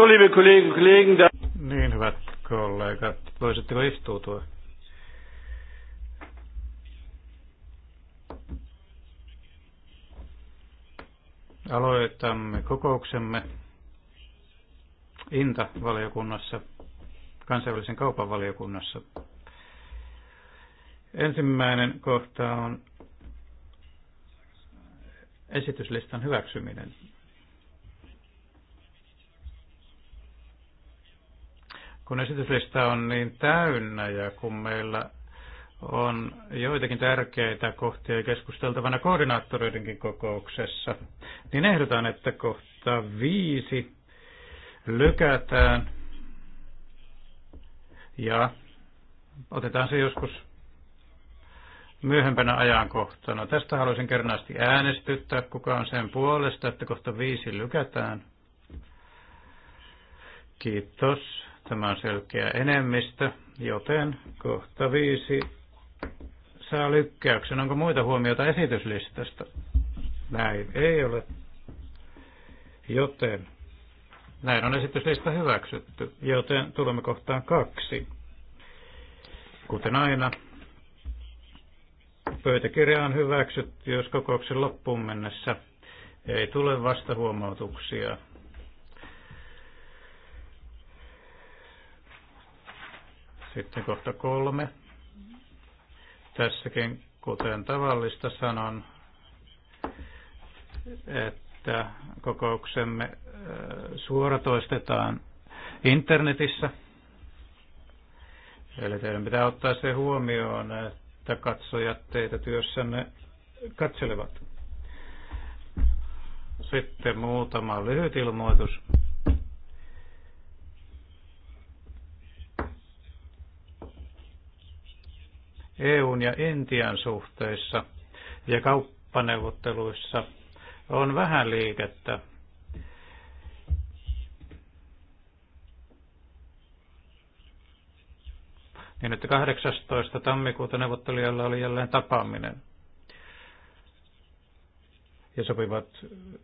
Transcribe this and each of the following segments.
So, liebe Kollegen und Kollegen, da... Niin, hyvät kollegat, voisitteko istuutua? Aloitamme kokouksemme INTA-valiokunnassa, kansainvälisen kaupan valiokunnassa. Ensimmäinen kohta on esityslistan hyväksyminen. Kun esityslista on niin täynnä ja kun meillä on joitakin tärkeitä kohtia keskusteltavana koordinaattoreidenkin kokouksessa, niin ehdotan, että kohta viisi lykätään ja otetaan se joskus myöhempänä ajankohtana. Tästä haluaisin kernaasti äänestyttää, kuka on sen puolesta, että kohta viisi lykätään. Kiitos. Tämä on selkeä enemmistö, joten kohta viisi saa lykkäyksen. Onko muita huomiota esityslistasta? Näin ei ole. Joten näin on esityslista hyväksytty, joten tulemme kohtaan kaksi. Kuten aina, pöytäkirja on hyväksytty, jos kokouksen loppuun mennessä ei tule vastahuomautuksia. Sitten kohta kolme. Tässäkin, kuten tavallista, sanon, että kokouksemme äh, suoratoistetaan internetissä. Eli teidän pitää ottaa se huomioon, että katsojat teitä työssänne katselevat. Sitten muutama lyhyt ilmoitus. EUn ja Intian suhteissa ja kauppaneuvotteluissa on vähän liikettä. Niin, että 18. tammikuuta neuvottelijalla oli jälleen tapaaminen ja sopivat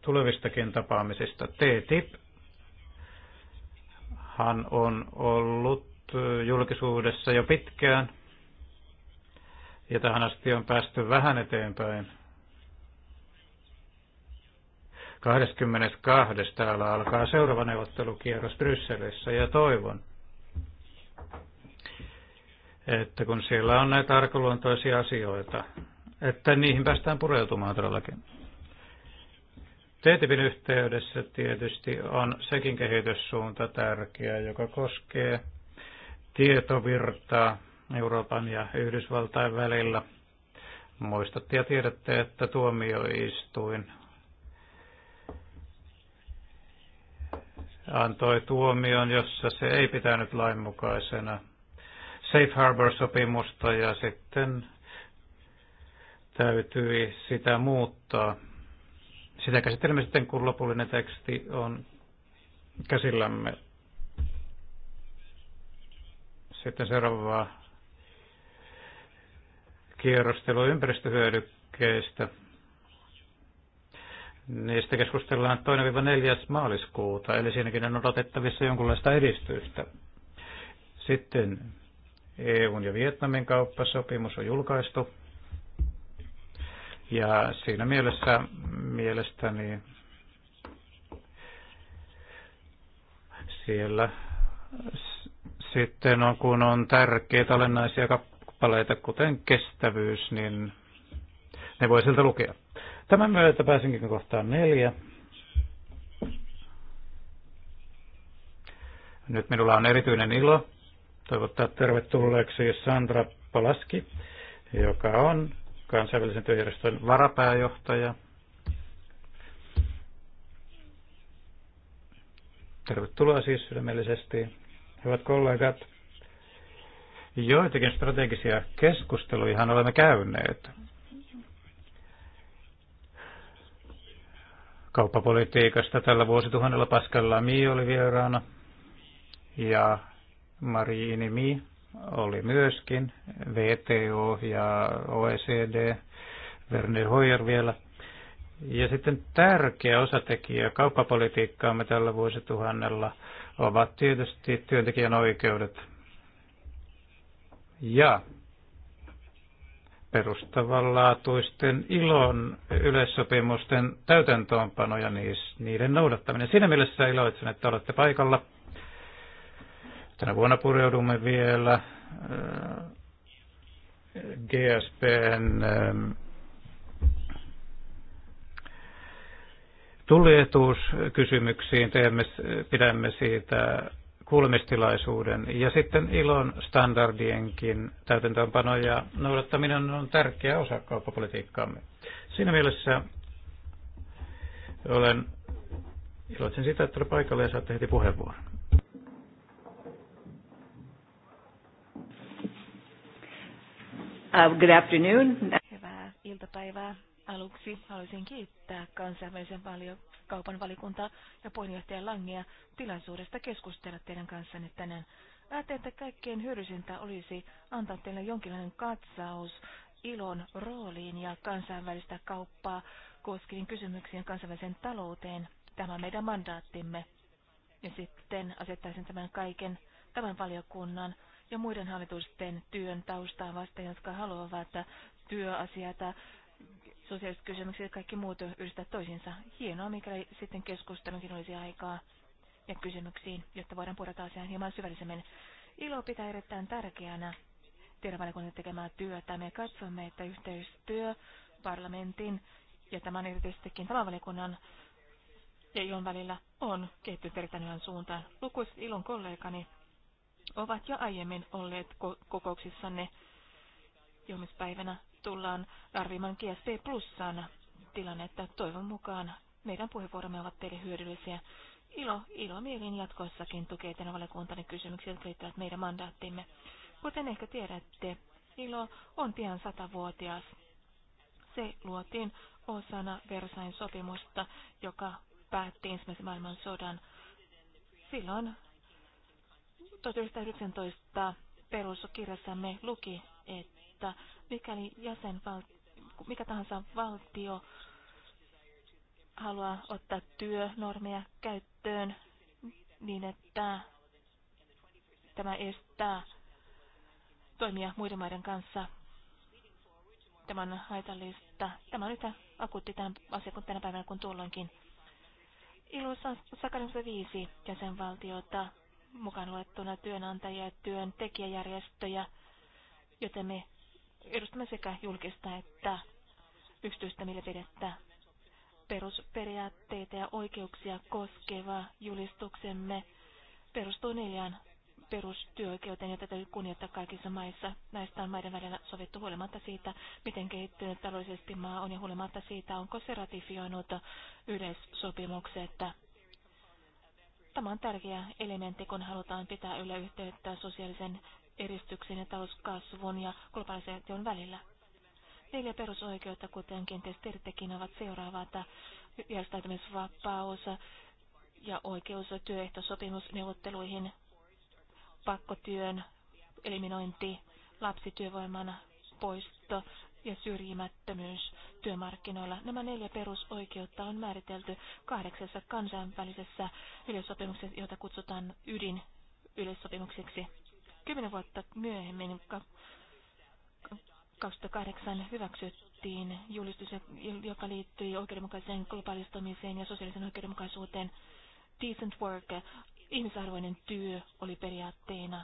tulevistakin tapaamisista. TTIP hän on ollut julkisuudessa jo pitkään ja tähän asti on päästy vähän eteenpäin. 22. täällä alkaa seuraava neuvottelukierros Brysselissä ja toivon, että kun siellä on näitä arkaluontoisia asioita, että niihin päästään pureutumaan todellakin. TTIPin yhteydessä tietysti on sekin kehityssuunta tärkeä, joka koskee tietovirtaa, Euroopan ja Yhdysvaltain välillä. Muistatte ja tiedätte, että tuomioistuin antoi tuomion, jossa se ei pitänyt lainmukaisena Safe Harbor-sopimusta ja sitten täytyi sitä muuttaa. Sitä käsittelemme sitten, kun lopullinen teksti on käsillämme. Sitten seuraavaa kierrostelua ympäristöhyödykkeistä. Niistä keskustellaan 2-4. maaliskuuta, eli siinäkin on odotettavissa jonkunlaista edistystä. Sitten EUn ja Vietnamin kauppasopimus on julkaistu. Ja siinä mielessä mielestäni siellä sitten on, kun on tärkeitä olennaisia kappaleita, kappaleita, kuten kestävyys, niin ne voi siltä lukea. Tämän myötä pääsinkin kohtaan neljä. Nyt minulla on erityinen ilo toivottaa tervetulleeksi Sandra Palaski, joka on kansainvälisen työjärjestön varapääjohtaja. Tervetuloa siis sydämellisesti. Hyvät kollegat, Joitakin strategisia keskusteluja olemme käyneet. Kauppapolitiikasta tällä vuosituhannella Pascal Lamy oli vieraana ja Marie Inimi oli myöskin, VTO ja OECD, Werner Hoyer vielä. Ja sitten tärkeä osatekijä kauppapolitiikkaamme tällä vuosituhannella ovat tietysti työntekijän oikeudet, ja perustavanlaatuisten ilon yleissopimusten täytäntöönpano ja niiden noudattaminen. Siinä mielessä iloitsen, että olette paikalla. Tänä vuonna pureudumme vielä äh, GSPn ähm, tullietuuskysymyksiin. Teemme, pidämme siitä kuulemistilaisuuden. Ja sitten ilon standardienkin täytäntöönpano ja noudattaminen on tärkeä osa kauppapolitiikkaamme. Siinä mielessä olen iloitsen siitä, että olen paikalla ja saatte heti puheenvuoron. Uh, good afternoon. Hyvää iltapäivää. Aluksi haluaisin kiittää kansainvälisen valio, kaupan valikuntaa ja puheenjohtaja Langia tilaisuudesta keskustella teidän kanssanne tänään. Ajattelin, että kaikkein hyödyllisintä olisi antaa teille jonkinlainen katsaus ilon rooliin ja kansainvälistä kauppaa koskien kysymyksiin kansainväliseen talouteen. Tämä on meidän mandaattimme. Ja sitten asettaisin tämän kaiken tämän valiokunnan ja muiden hallitusten työn taustaa vasten, jotka haluavat työasiata sosiaaliset kysymykset ja kaikki muut yhdistää toisiinsa. Hienoa, mikäli sitten keskustelunkin olisi aikaa ja kysymyksiin, jotta voidaan purata asiaan hieman syvällisemmin. Ilo pitää erittäin tärkeänä tiedonvälikunnan tekemää työtä. Me katsomme, että yhteistyö parlamentin ja tämän erityisestikin talavalikunnan ja ilon välillä on kehittynyt erittäin hyvän suuntaan. Lukuiset ilon kollegani ovat jo aiemmin olleet ko- kokouksissanne ilmispäivänä tullaan arvioimaan GSP tilanne, tilannetta. Toivon mukaan meidän puheenvuoromme ovat teille hyödyllisiä. Ilo, ilo mielin jatkossakin tukee teidän valiokuntanne kysymyksiä, jotka liittyvät meidän mandaattimme. Kuten ehkä tiedätte, ilo on pian satavuotias. Se luotiin osana Versain sopimusta, joka päätti ensimmäisen maailmansodan. Silloin 1919 peruskirjassamme luki, että että mikäli jäsenval, mikä tahansa valtio haluaa ottaa työnormeja käyttöön niin, että tämä estää toimia muiden maiden kanssa. Tämä on haitallista. Tämä on yhtä akuutti tämän asia kuin tänä päivänä kuin tuolloinkin. Sakarinsa viisi jäsenvaltiota mukaan luettuna työnantajia ja työntekijäjärjestöjä, joten me edustamme sekä julkista että yksityistä mielipidettä. Perusperiaatteita ja oikeuksia koskeva julistuksemme perustuu neljään perustyöoikeuteen, jota täytyy kunnioittaa kaikissa maissa. Näistä on maiden välillä sovittu huolimatta siitä, miten kehittynyt taloudellisesti maa on ja huolimatta siitä, onko se ratifioinut yleissopimukset. Tämä on tärkeä elementti, kun halutaan pitää yllä yhteyttä sosiaalisen eristyksen ja talouskasvun ja globalisaation välillä. Neljä perusoikeutta, kuten kenties tiedättekin, ovat seuraavat järjestäytymisvapaus ja oikeus työehtosopimusneuvotteluihin, pakkotyön eliminointi, lapsityövoiman poisto ja syrjimättömyys työmarkkinoilla. Nämä neljä perusoikeutta on määritelty kahdeksassa kansainvälisessä yleissopimuksessa, jota kutsutaan ydin yleissopimukseksi. Kymmenen vuotta myöhemmin, 2008, hyväksyttiin julistus, joka liittyi oikeudenmukaiseen globaalistamiseen ja sosiaalisen oikeudenmukaisuuteen. Decent work, ihmisarvoinen työ oli periaatteena.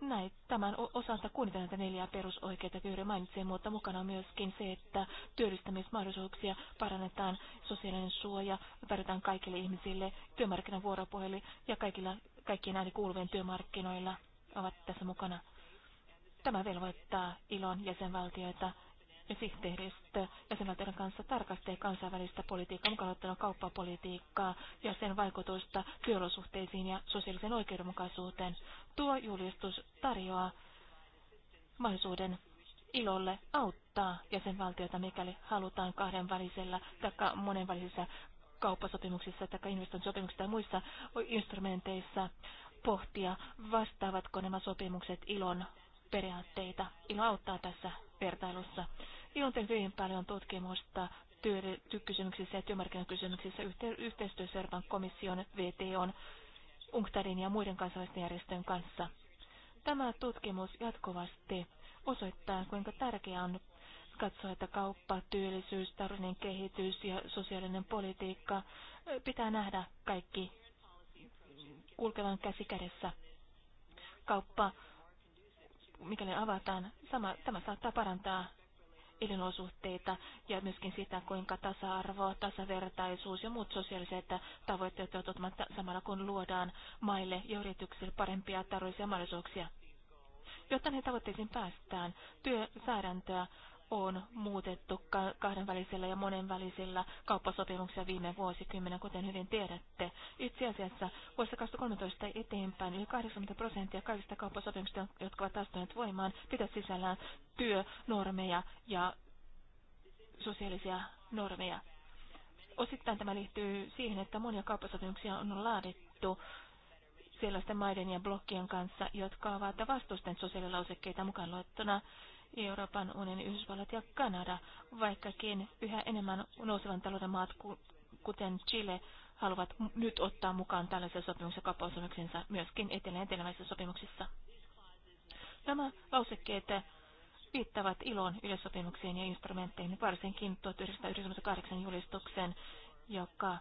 Näin tämän osalta kuunnitellaan näitä neljää perusoikeutta, Pyöri mainitsee, mutta mukana on myöskin se, että työllistämismahdollisuuksia parannetaan, sosiaalinen suoja tarjotaan kaikille ihmisille, työmarkkinan vuoropuheli ja kaikilla, kaikkien ääni kuuluvien työmarkkinoilla ovat tässä mukana. Tämä velvoittaa ilon jäsenvaltioita ja sihteeristö jäsenvaltioiden kanssa tarkastelee kansainvälistä politiikkaa, mukaan ottanut kauppapolitiikkaa ja sen vaikutusta työolosuhteisiin ja sosiaaliseen oikeudenmukaisuuteen. Tuo julistus tarjoaa mahdollisuuden ilolle auttaa jäsenvaltiota, mikäli halutaan kahdenvälisellä tai monenvälisessä kauppasopimuksissa tai investointisopimuksissa tai muissa instrumenteissa pohtia, vastaavatko nämä sopimukset ilon periaatteita. Ilo auttaa tässä vertailussa. Ilo on tehnyt hyvin paljon tutkimusta työkysymyksissä ja työmarkkinakysymyksissä yhteistyössä Euroopan komission, VTOn, UNCTADin ja muiden kansainvälisten järjestöjen kanssa. Tämä tutkimus jatkuvasti osoittaa, kuinka tärkeää on katsoa, että kauppa, työllisyys, taloudellinen kehitys ja sosiaalinen politiikka pitää nähdä kaikki kulkevan käsi kädessä. Kauppa, mikäli avataan, sama, tämä saattaa parantaa elinolosuhteita ja myöskin sitä, kuinka tasa-arvo, tasavertaisuus ja muut sosiaaliset tavoitteet toteutuvat samalla kun luodaan maille ja yrityksille parempia taloudellisia mahdollisuuksia. Jotta näihin tavoitteisiin päästään, työsäädäntöä on muutettu kahdenvälisillä ja monenvälisillä kauppasopimuksilla viime vuosikymmenen, kuten hyvin tiedätte. Itse asiassa vuodesta 2013 eteenpäin yli 80 prosenttia kaikista kauppasopimuksista, jotka ovat astuneet voimaan, pitää sisällään työnormeja ja sosiaalisia normeja. Osittain tämä liittyy siihen, että monia kauppasopimuksia on laadittu sellaisten maiden ja blokkien kanssa, jotka ovat vastusten sosiaalilausekkeita mukaan luettuna Euroopan unionin, Yhdysvallat ja Kanada, vaikkakin yhä enemmän nousevan talouden maat, kuten Chile, haluavat nyt ottaa mukaan tällaisia sopimuksia kappausonnoksensa myöskin etelä- sopimuksissa. Nämä lausekkeet viittavat ilon yleissopimuksiin ja instrumentteihin, varsinkin 1998 julistuksen, joka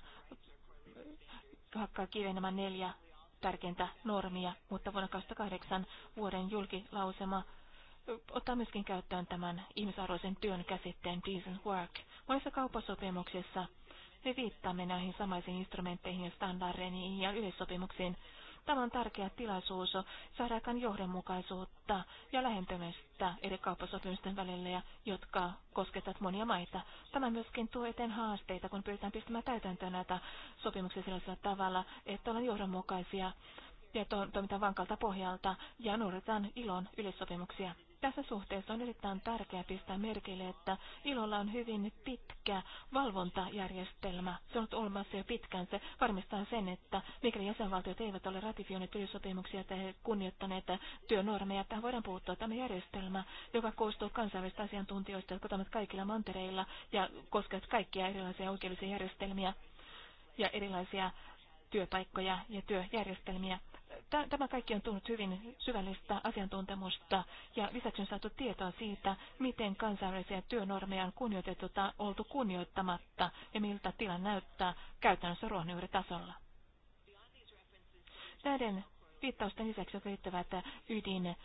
hakkaa kiveen nämä neljä tärkeintä normia, mutta vuonna 2008 vuoden julkilausema ottaa myöskin käyttöön tämän ihmisarvoisen työn käsitteen decent work. Monissa kauppasopimuksissa me viittaamme näihin samaisiin instrumentteihin ja standardeihin ja yleissopimuksiin. Tämä on tärkeä tilaisuus saada aikaan johdonmukaisuutta ja lähentymistä eri kauppasopimusten välillä, jotka koskettavat monia maita. Tämä myöskin tuo eteen haasteita, kun pyritään pistämään täytäntöön näitä sopimuksia sellaisella tavalla, että ollaan johdonmukaisia ja to- toimitaan vankalta pohjalta ja noudatetaan ilon yleissopimuksia. Tässä suhteessa on erittäin tärkeää pistää merkille, että ilolla on hyvin pitkä valvontajärjestelmä. Se on ollut olemassa jo pitkään. Se varmistaa sen, että mikäli jäsenvaltiot eivät ole ratifioineet työsopimuksia tai kunnioittaneet työnormeja, että voidaan puuttua. Tämä järjestelmä, joka koostuu kansainvälistä asiantuntijoista, jotka ovat kaikilla mantereilla ja koskevat kaikkia erilaisia oikeudellisia järjestelmiä ja erilaisia työpaikkoja ja työjärjestelmiä. Tämä kaikki on tullut hyvin syvällistä asiantuntemusta ja lisäksi on saatu tietoa siitä, miten kansainvälisiä työnormeja on kunnioitettu tai oltu kunnioittamatta ja miltä tila näyttää käytännössä ruohonjuuritasolla. Näiden viittausten lisäksi, jotka liittyvät ydin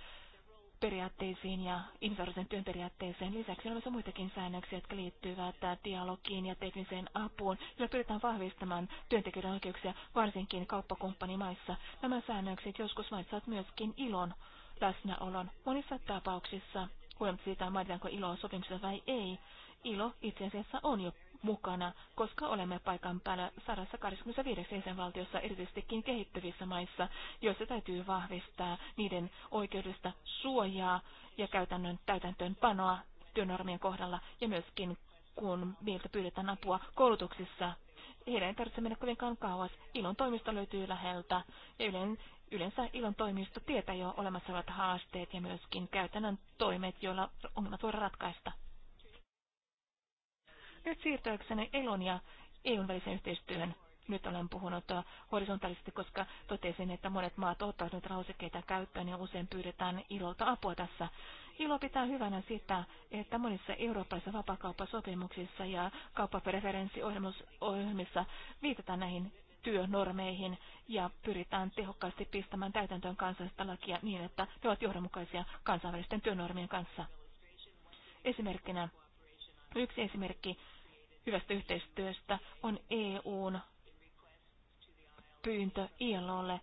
periaatteisiin ja ihmisarvoisen työn periaatteeseen. Lisäksi on myös muitakin säännöksiä, jotka liittyvät dialogiin ja tekniseen apuun, joilla pyritään vahvistamaan työntekijöiden oikeuksia varsinkin kauppakumppanimaissa. Nämä säännökset joskus mainitsevat myöskin ilon läsnäolon. Monissa tapauksissa, huolimatta siitä, mainitaanko ilo sopimuksessa vai ei, ilo itse asiassa on jo mukana, koska olemme paikan päällä 125 jäsenvaltiossa, erityisestikin kehittyvissä maissa, joissa täytyy vahvistaa niiden oikeudesta suojaa ja käytännön täytäntöönpanoa työnormien kohdalla ja myöskin kun meiltä pyydetään apua koulutuksissa. Heidän ei tarvitse mennä kovinkaan kauas. Ilon toimisto löytyy läheltä ja yleensä Yleensä ilon toimisto tietää jo olemassa olevat haasteet ja myöskin käytännön toimet, joilla ongelmat voidaan ratkaista. Nyt siirtyäkseni elon ja EUn välisen yhteistyöhön nyt olen puhunut äh, horisontaalisesti, koska totesin, että monet maat ottavat nyt lausekkeita käyttöön ja usein pyydetään ilolta apua tässä. Ilo pitää hyvänä sitä, että monissa eurooppalaisissa vapakauppasopimuksissa ja kauppapreferenssiohjelmissa viitataan näihin työnormeihin ja pyritään tehokkaasti pistämään täytäntöön kansallista lakia niin, että ne ovat johdonmukaisia kansainvälisten työnormien kanssa. Esimerkkinä, yksi esimerkki hyvästä yhteistyöstä on EUn pyyntö ILOlle,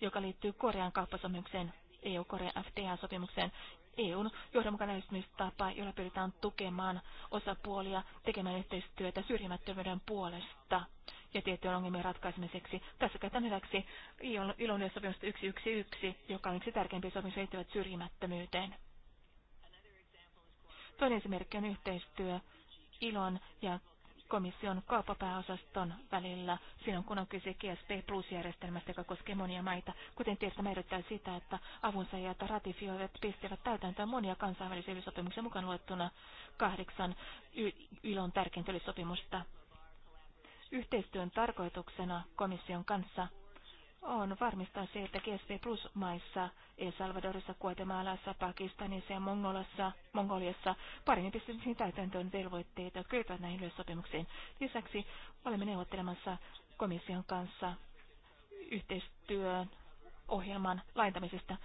joka liittyy Korean kauppasopimukseen, EU-Korean FTA-sopimukseen. EUn johdonmukaisuustapa, jolla pyritään tukemaan osapuolia tekemään yhteistyötä syrjimättömyyden puolesta ja tiettyjen ongelmien ratkaisemiseksi. Tässä käytän hyväksi ilon sopimusta 111, joka on yksi tärkeimpiä sopimuksia liittyvät syrjimättömyyteen. Toinen esimerkki on yhteistyö ilon ja komission kauppapääosaston välillä silloin, kun on kyse GSP Plus-järjestelmästä, joka koskee monia maita. Kuten tiedämme, määrittää sitä, että avunsaajat ratifioivat pistävät täytäntöön monia kansainvälisiä sopimuksia mukaan luettuna kahdeksan ilon tärkeintä sopimusta. Yhteistyön tarkoituksena komission kanssa on varmistaa se, että GSP Plus maissa, El Salvadorissa, Guatemalassa, Pakistanissa ja Mongolassa, Mongoliassa paremmin pistettiin täytäntöön velvoitteita, jotka näihin yleissopimuksiin. Lisäksi olemme neuvottelemassa komission kanssa yhteistyön ohjelman laintamisesta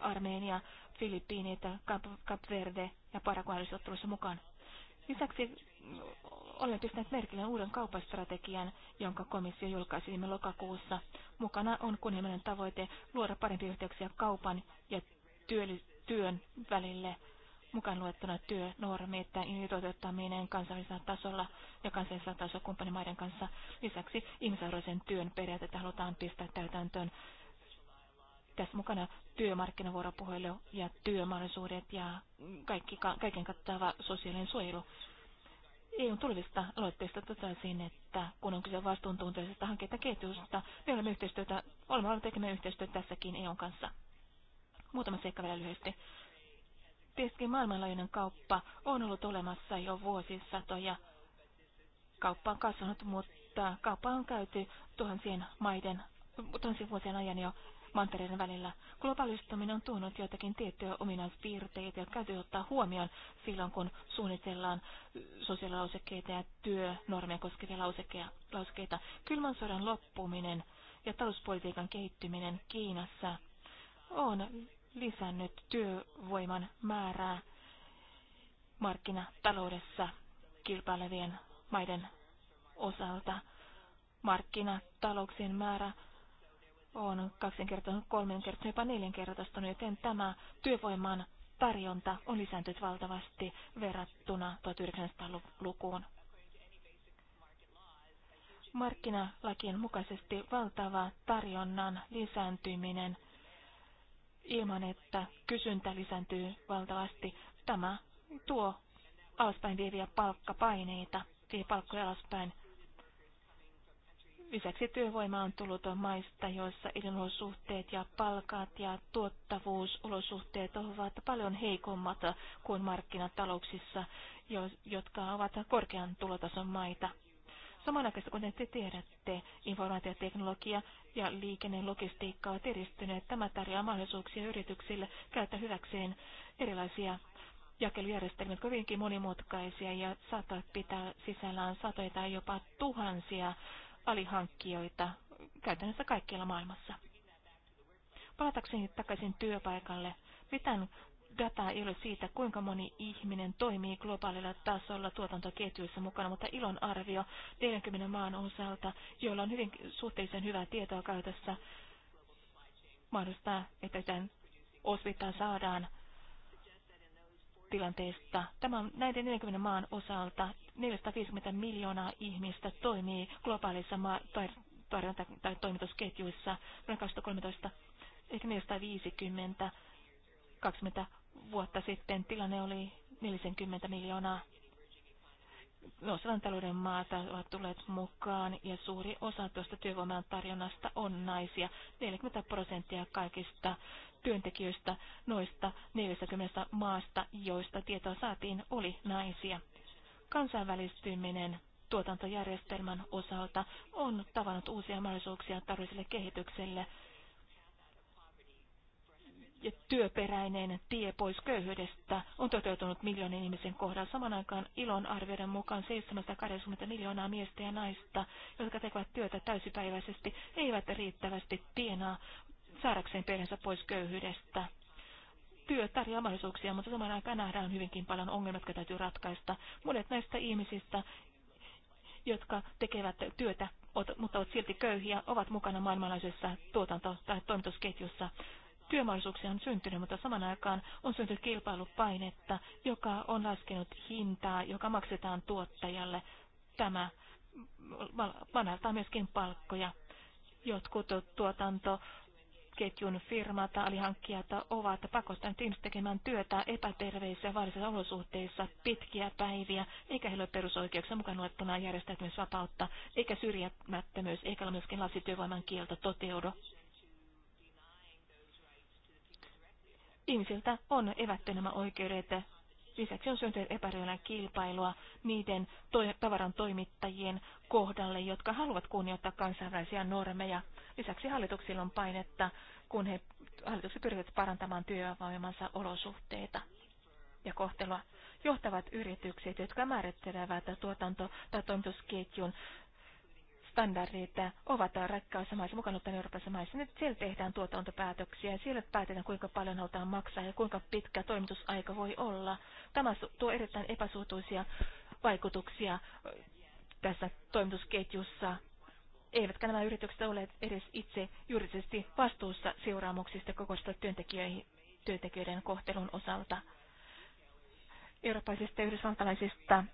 Armeenia, Filippiinit, Cap, Cap Verde ja Paraguay olisivat mukaan. Lisäksi olemme pistäneet merkille uuden kaupastrategian, jonka komissio julkaisi viime lokakuussa. Mukana on kunnianhimoinen tavoite luoda parempia yhteyksiä kaupan ja työn välille mukaan luettuna työ, normi, että toteuttaminen kansallisella tasolla ja kansallisella tasolla kumppanimaiden kanssa. Lisäksi ihmisarvoisen työn periaatteita halutaan pistää täytäntöön. Tässä mukana työmarkkinavuoropuhelu ja työmahdollisuudet ja kaikki, kaiken kattava sosiaalinen suojelu. EUn tulevista aloitteista totesin, että kun on kyse vastuuntuntoisesta hankkeita me olemme yhteistyötä, olemme olleet tekemään yhteistyötä tässäkin EUn kanssa. Muutama seikka vielä lyhyesti. Tietysti maailmanlaajuinen kauppa on ollut olemassa jo vuosisatoja. Kauppa on kasvanut, mutta kauppa on käyty tuhansien maiden tuhansien vuosien ajan jo mantereiden välillä. Globalistuminen on tuonut joitakin tiettyjä ominaispiirteitä, jotka täytyy ottaa huomioon silloin, kun suunnitellaan sosiaalilausekkeita ja työnormia koskevia lausekkeita. Kylmän sodan loppuminen ja talouspolitiikan kehittyminen Kiinassa on lisännyt työvoiman määrää markkinataloudessa kilpailevien maiden osalta. Markkinatalouksien määrä on kaksinkertainen, kolmenkertaistunut, jopa neljänkertaistunut, joten tämä työvoiman tarjonta on lisääntynyt valtavasti verrattuna 1900-lukuun. Markkinalakien mukaisesti valtava tarjonnan lisääntyminen ilman, että kysyntä lisääntyy valtavasti. Tämä tuo alaspäin vieviä palkkapaineita, vie palkkoja alaspäin Lisäksi työvoima on tullut maista, joissa elinolosuhteet ja palkat ja tuottavuusolosuhteet ovat paljon heikommat kuin markkinatalouksissa, jotka ovat korkean tulotason maita. Samanaikaisesti, kuten te tiedätte, informaatioteknologia ja liikennelogistiikka ovat edistyneet. Tämä tarjoaa mahdollisuuksia yrityksille käyttää hyväkseen erilaisia jakelujärjestelmät kovinkin monimutkaisia ja saattavat pitää sisällään satoja tai jopa tuhansia alihankkijoita käytännössä kaikkialla maailmassa. Palatakseni takaisin työpaikalle. Mitään dataa ei ole siitä, kuinka moni ihminen toimii globaalilla tasolla tuotantoketjuissa mukana, mutta ilon arvio 40 maan osalta, joilla on hyvin suhteellisen hyvää tietoa käytössä, mahdollistaa, että tämän osvittaa saadaan tilanteesta. Tämä on näiden 40 maan osalta 450 miljoonaa ihmistä toimii globaalissa ma- tai, tai toimitusketjuissa vuonna 2013, ehkä 450 20 vuotta sitten tilanne oli 40 miljoonaa. Nousevan talouden maata ovat tulleet mukaan ja suuri osa tuosta työvoiman tarjonnasta on naisia. 40 prosenttia kaikista työntekijöistä noista 40 maasta, joista tietoa saatiin, oli naisia. Kansainvälistyminen tuotantojärjestelmän osalta on tavannut uusia mahdollisuuksia taloudelliselle kehitykselle ja työperäinen tie pois köyhyydestä on toteutunut miljoonien ihmisen kohdalla. Saman aikaan ilon arvioiden mukaan 780 miljoonaa miestä ja naista, jotka tekevät työtä täysipäiväisesti, eivät riittävästi tienaa saadakseen perheensä pois köyhyydestä työ tarjoaa mahdollisuuksia, mutta samaan aikaan nähdään hyvinkin paljon ongelmia, jotka täytyy ratkaista. Monet näistä ihmisistä, jotka tekevät työtä, mutta ovat silti köyhiä, ovat mukana maailmanlaisessa tuotanto- tai toimitusketjussa. Työmahdollisuuksia on syntynyt, mutta saman aikaan on syntynyt kilpailupainetta, joka on laskenut hintaa, joka maksetaan tuottajalle. Tämä vanhaltaa myöskin palkkoja. Jotkut tuotanto ketjun firmat, alihankkijat ovat pakostaneet ihmiset tekemään työtä epäterveissä ja vaarallisissa olosuhteissa pitkiä päiviä, eikä heillä ole perusoikeuksia mukaan luettuna järjestäytymisvapautta, eikä syrjimättömyys, eikä ole myöskin lasityövoiman kielto toteudu. Ihmisiltä on evätty nämä oikeudet Lisäksi on syntynyt epäreilää kilpailua niiden to tavaran toimittajien kohdalle, jotka haluavat kunnioittaa kansainvälisiä normeja. Lisäksi hallituksilla on painetta, kun he hallitukset pyrkivät parantamaan työvoimansa olosuhteita ja kohtelua. Johtavat yritykset, jotka määrittelevät tuotanto- tai toimitusketjun standardeita, ovat rakkaissa maissa, mukaan ottaen Euroopassa maissa. Nyt siellä tehdään tuotantopäätöksiä ja siellä päätetään, kuinka paljon halutaan maksaa ja kuinka pitkä toimitusaika voi olla. Tämä tuo erittäin epäsuotuisia vaikutuksia tässä toimitusketjussa. Eivätkä nämä yritykset ole edes itse juridisesti vastuussa seuraamuksista kokoista työntekijöiden kohtelun osalta. Eurooppaisista ja yhdysvaltalaisista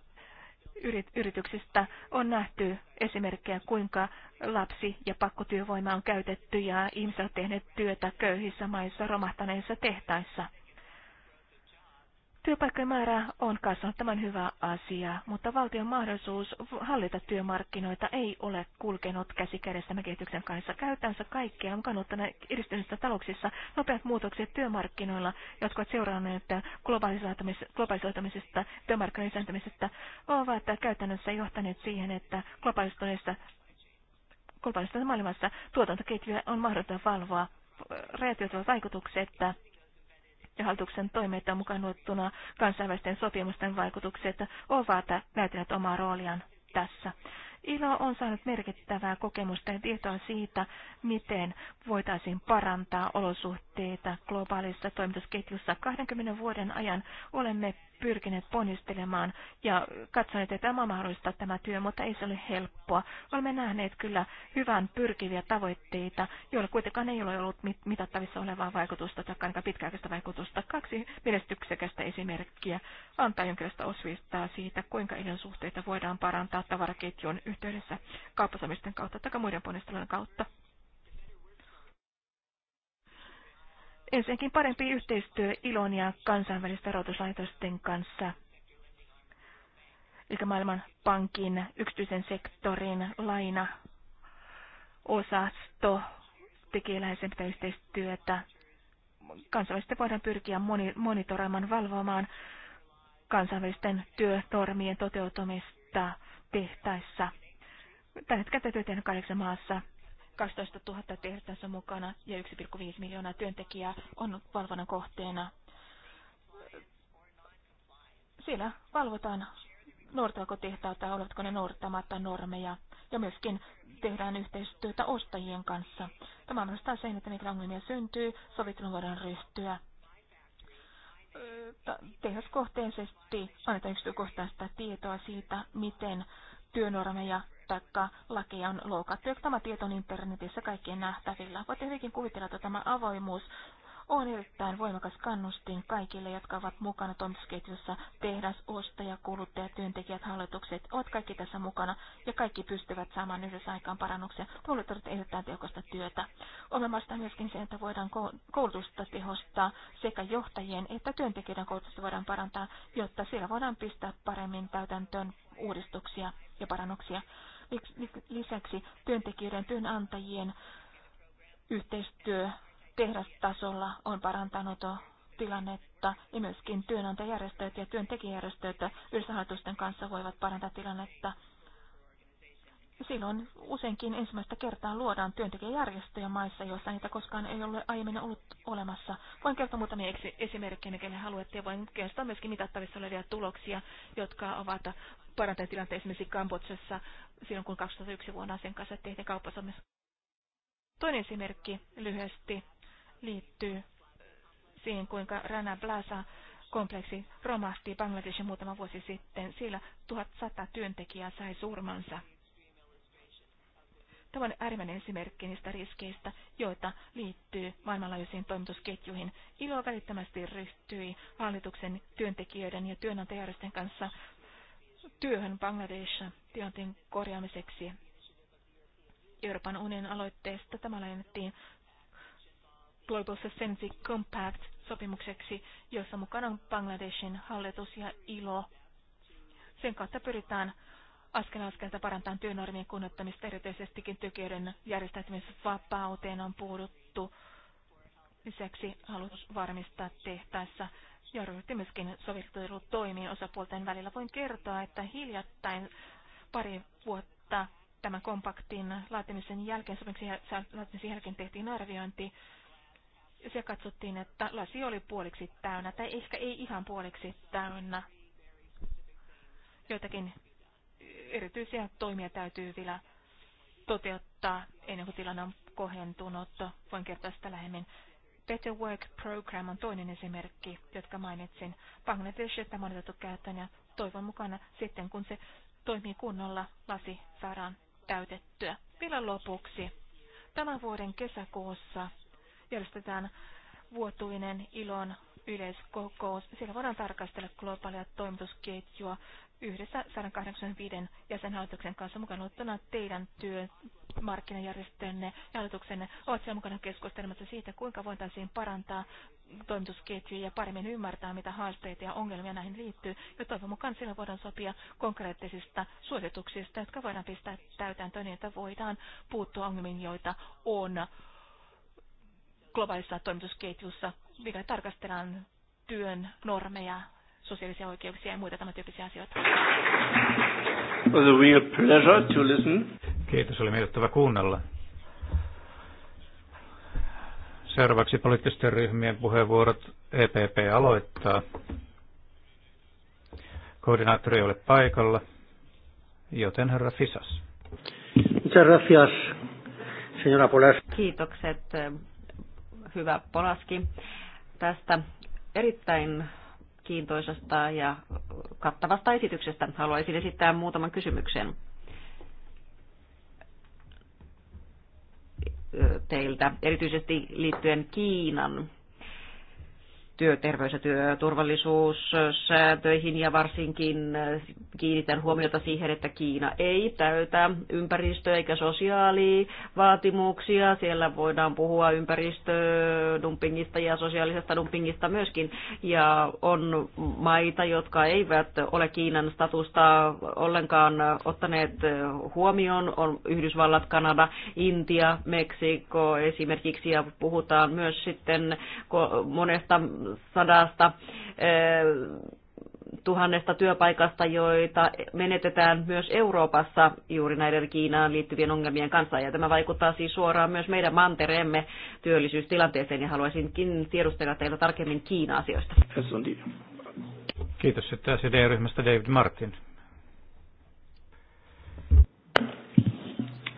yrityksistä on nähty esimerkkejä, kuinka lapsi- ja pakkotyövoima on käytetty ja ihmiset ovat tehneet työtä köyhissä maissa romahtaneissa tehtaissa. Työpaikkojen määrä on kasvanut, tämän hyvä asia, mutta valtion mahdollisuus hallita työmarkkinoita ei ole kulkenut käsi kädessä kehityksen kanssa. Käytänsä kaikkea on ottana edistyneissä talouksissa nopeat muutokset työmarkkinoilla, jotka ovat seuranneet globalisoitumisesta, työmarkkinoiden sääntämisestä, ovat käytännössä johtaneet siihen, että globalistuneessa globaalista maailmassa tuotantoketjuja on mahdotonta valvoa. Rajat vaikutukset ja hallituksen toimeita mukaan luettuna kansainvälisten sopimusten vaikutukset ovat näytäneet omaa rooliaan tässä. ILO on saanut merkittävää kokemusta ja tietoa siitä, miten voitaisiin parantaa olosuhteita globaalissa toimitusketjussa. 20 vuoden ajan olemme pyrkineet ponnistelemaan ja katsoneet, että tämä on mahdollista tämä työ, mutta ei se ole helppoa. Olemme nähneet kyllä hyvän pyrkiviä tavoitteita, joilla kuitenkaan ei ole ollut mitattavissa olevaa vaikutusta tai ainakaan pitkäaikaista vaikutusta. Kaksi menestyksekästä esimerkkiä antaa jonkinlaista osviittaa siitä, kuinka suhteita voidaan parantaa tavaraketjun yhteydessä kauppasomisten kautta tai muiden ponnistelujen kautta. ensinnäkin parempi yhteistyö ilon ja kansainvälisten rahoituslaitosten kanssa, eli maailman pankin yksityisen sektorin laina osasto tekee läheisempää yhteistyötä. Kansainvälisesti voidaan pyrkiä monitoroimaan, valvomaan kansainvälisten työnormien toteutumista tehtäessä. Tällä hetkellä täytyy tehdä kahdeksan maassa 12 000 tehdasta mukana ja 1,5 miljoonaa työntekijää on valvonnan kohteena. Siellä valvotaan, noudattavatko tehtaita, ovatko ne noudattamatta normeja ja myöskin tehdään yhteistyötä ostajien kanssa. Tämä mahdollistaa sen, että mitä ongelmia syntyy, sovittelun voidaan ryhtyä. Tehdaskohteisesti annetaan yksityökohtaista tietoa siitä, miten työnormeja taikka laki on loukattu. Jos tämä tieto on internetissä kaikkien nähtävillä, voitte tietenkin kuvitella, että tämä avoimuus on erittäin voimakas kannustin kaikille, jotka ovat mukana toimitusketjussa. Tehdas, ostaja, kuluttaja, työntekijät, hallitukset ovat kaikki tässä mukana ja kaikki pystyvät saamaan yhdessä aikaan parannuksia. Puolet on erittäin tehokasta työtä. Olemasta myöskin se, että voidaan koulutusta tehostaa sekä johtajien että työntekijöiden koulutusta voidaan parantaa, jotta siellä voidaan pistää paremmin täytäntöön uudistuksia ja parannuksia. Lisäksi työntekijöiden työnantajien yhteistyö tehdastasolla on parantanut tilannetta ja myöskin työnantajärjestöt ja työntekijäjärjestöt yhdessä kanssa voivat parantaa tilannetta. Silloin useinkin ensimmäistä kertaa luodaan työntekijäjärjestöjä maissa, joissa niitä koskaan ei ole aiemmin ollut olemassa. Voin kertoa muutamia esimerkkejä, kelle haluatte, ja voin kertoa myöskin mitattavissa olevia tuloksia, jotka ovat parantaneet tilanteen esimerkiksi Kambodsassa, silloin, kun 2001 vuonna sen kanssa tehtiin kauppasopimus. Toinen esimerkki lyhyesti liittyy siihen, kuinka Rana Plaza kompleksi romahti Bangladeshin muutama vuosi sitten, sillä 1100 työntekijää sai surmansa. Tämä on äärimmäinen esimerkki niistä riskeistä, joita liittyy maailmanlaajuisiin toimitusketjuihin. ILO välittömästi ryhtyi hallituksen työntekijöiden ja työnantajärjestön kanssa työhön Bangladesissa tilanteen korjaamiseksi. Euroopan unionin aloitteesta tämä lainattiin Global Sustainability Compact-sopimukseksi, jossa mukana on Bangladeshin hallitus ja ILO. Sen kautta pyritään askel askelta parantamaan työnormien kunnioittamista, erityisestikin tykijöiden järjestäytymisvapauteen on puhuttu. Lisäksi halus varmistaa tehtaissa ja ryhdyttiin myöskin osapuolten välillä. Voin kertoa, että hiljattain pari vuotta tämän kompaktin laatimisen jälkeen, laatimisen jälkeen tehtiin arviointi, se katsottiin, että lasi oli puoliksi täynnä, tai ehkä ei ihan puoliksi täynnä. Joitakin erityisiä toimia täytyy vielä toteuttaa ennen kuin tilanne on kohentunut. Voin kertoa sitä lähemmin. Better Work Program on toinen esimerkki, jotka mainitsin. on otettu käyttöön ja toivon mukana sitten, kun se toimii kunnolla, lasi saadaan täytettyä. Vielä lopuksi. Tämän vuoden kesäkuussa järjestetään vuotuinen ilon yleiskokous. Siellä voidaan tarkastella globaalia toimitusketjua yhdessä 185 jäsenhallituksen kanssa mukaan ottana teidän työ, markkinajärjestöjenne ja hallituksenne ovat siellä mukana keskustelemassa siitä, kuinka voitaisiin parantaa toimitusketjuja ja paremmin ymmärtää, mitä haasteita ja ongelmia näihin liittyy. Ja toivon mukaan sillä voidaan sopia konkreettisista suosituksista, jotka voidaan pistää täytäntöön, niin että voidaan puuttua ongelmiin, joita on globaalissa toimitusketjussa, mikä tarkastellaan työn normeja, sosiaalisia oikeuksia ja muita tämän tyyppisiä asioita. It was a real pleasure to listen. Kiitos, oli miellyttävä kuunnella. Seuraavaksi poliittisten ryhmien puheenvuorot EPP aloittaa. Koordinaattori ei ole paikalla, joten herra Fisas. Gracias, señora Polaski. Kiitokset, hyvä Polaski, tästä erittäin kiintoisesta ja kattavasta esityksestä. Haluaisin esittää muutaman kysymyksen. teiltä, erityisesti liittyen Kiinan työterveys- ja työturvallisuussääntöihin ja varsinkin äh, kiinnitän huomiota siihen, että Kiina ei täytä ympäristö- eikä sosiaalivaatimuksia. Siellä voidaan puhua ympäristödumpingista ja sosiaalisesta dumpingista myöskin. Ja on maita, jotka eivät ole Kiinan statusta ollenkaan ottaneet äh, huomioon. On Yhdysvallat, Kanada, Intia, Meksiko esimerkiksi ja puhutaan myös sitten monesta sadasta eh, tuhannesta työpaikasta, joita menetetään myös Euroopassa juuri näiden Kiinaan liittyvien ongelmien kanssa. Ja tämä vaikuttaa siis suoraan myös meidän mantereemme työllisyystilanteeseen ja haluaisinkin tiedustella teiltä tarkemmin Kiina-asioista. Kiitos. Sitten CD-ryhmästä David Martin.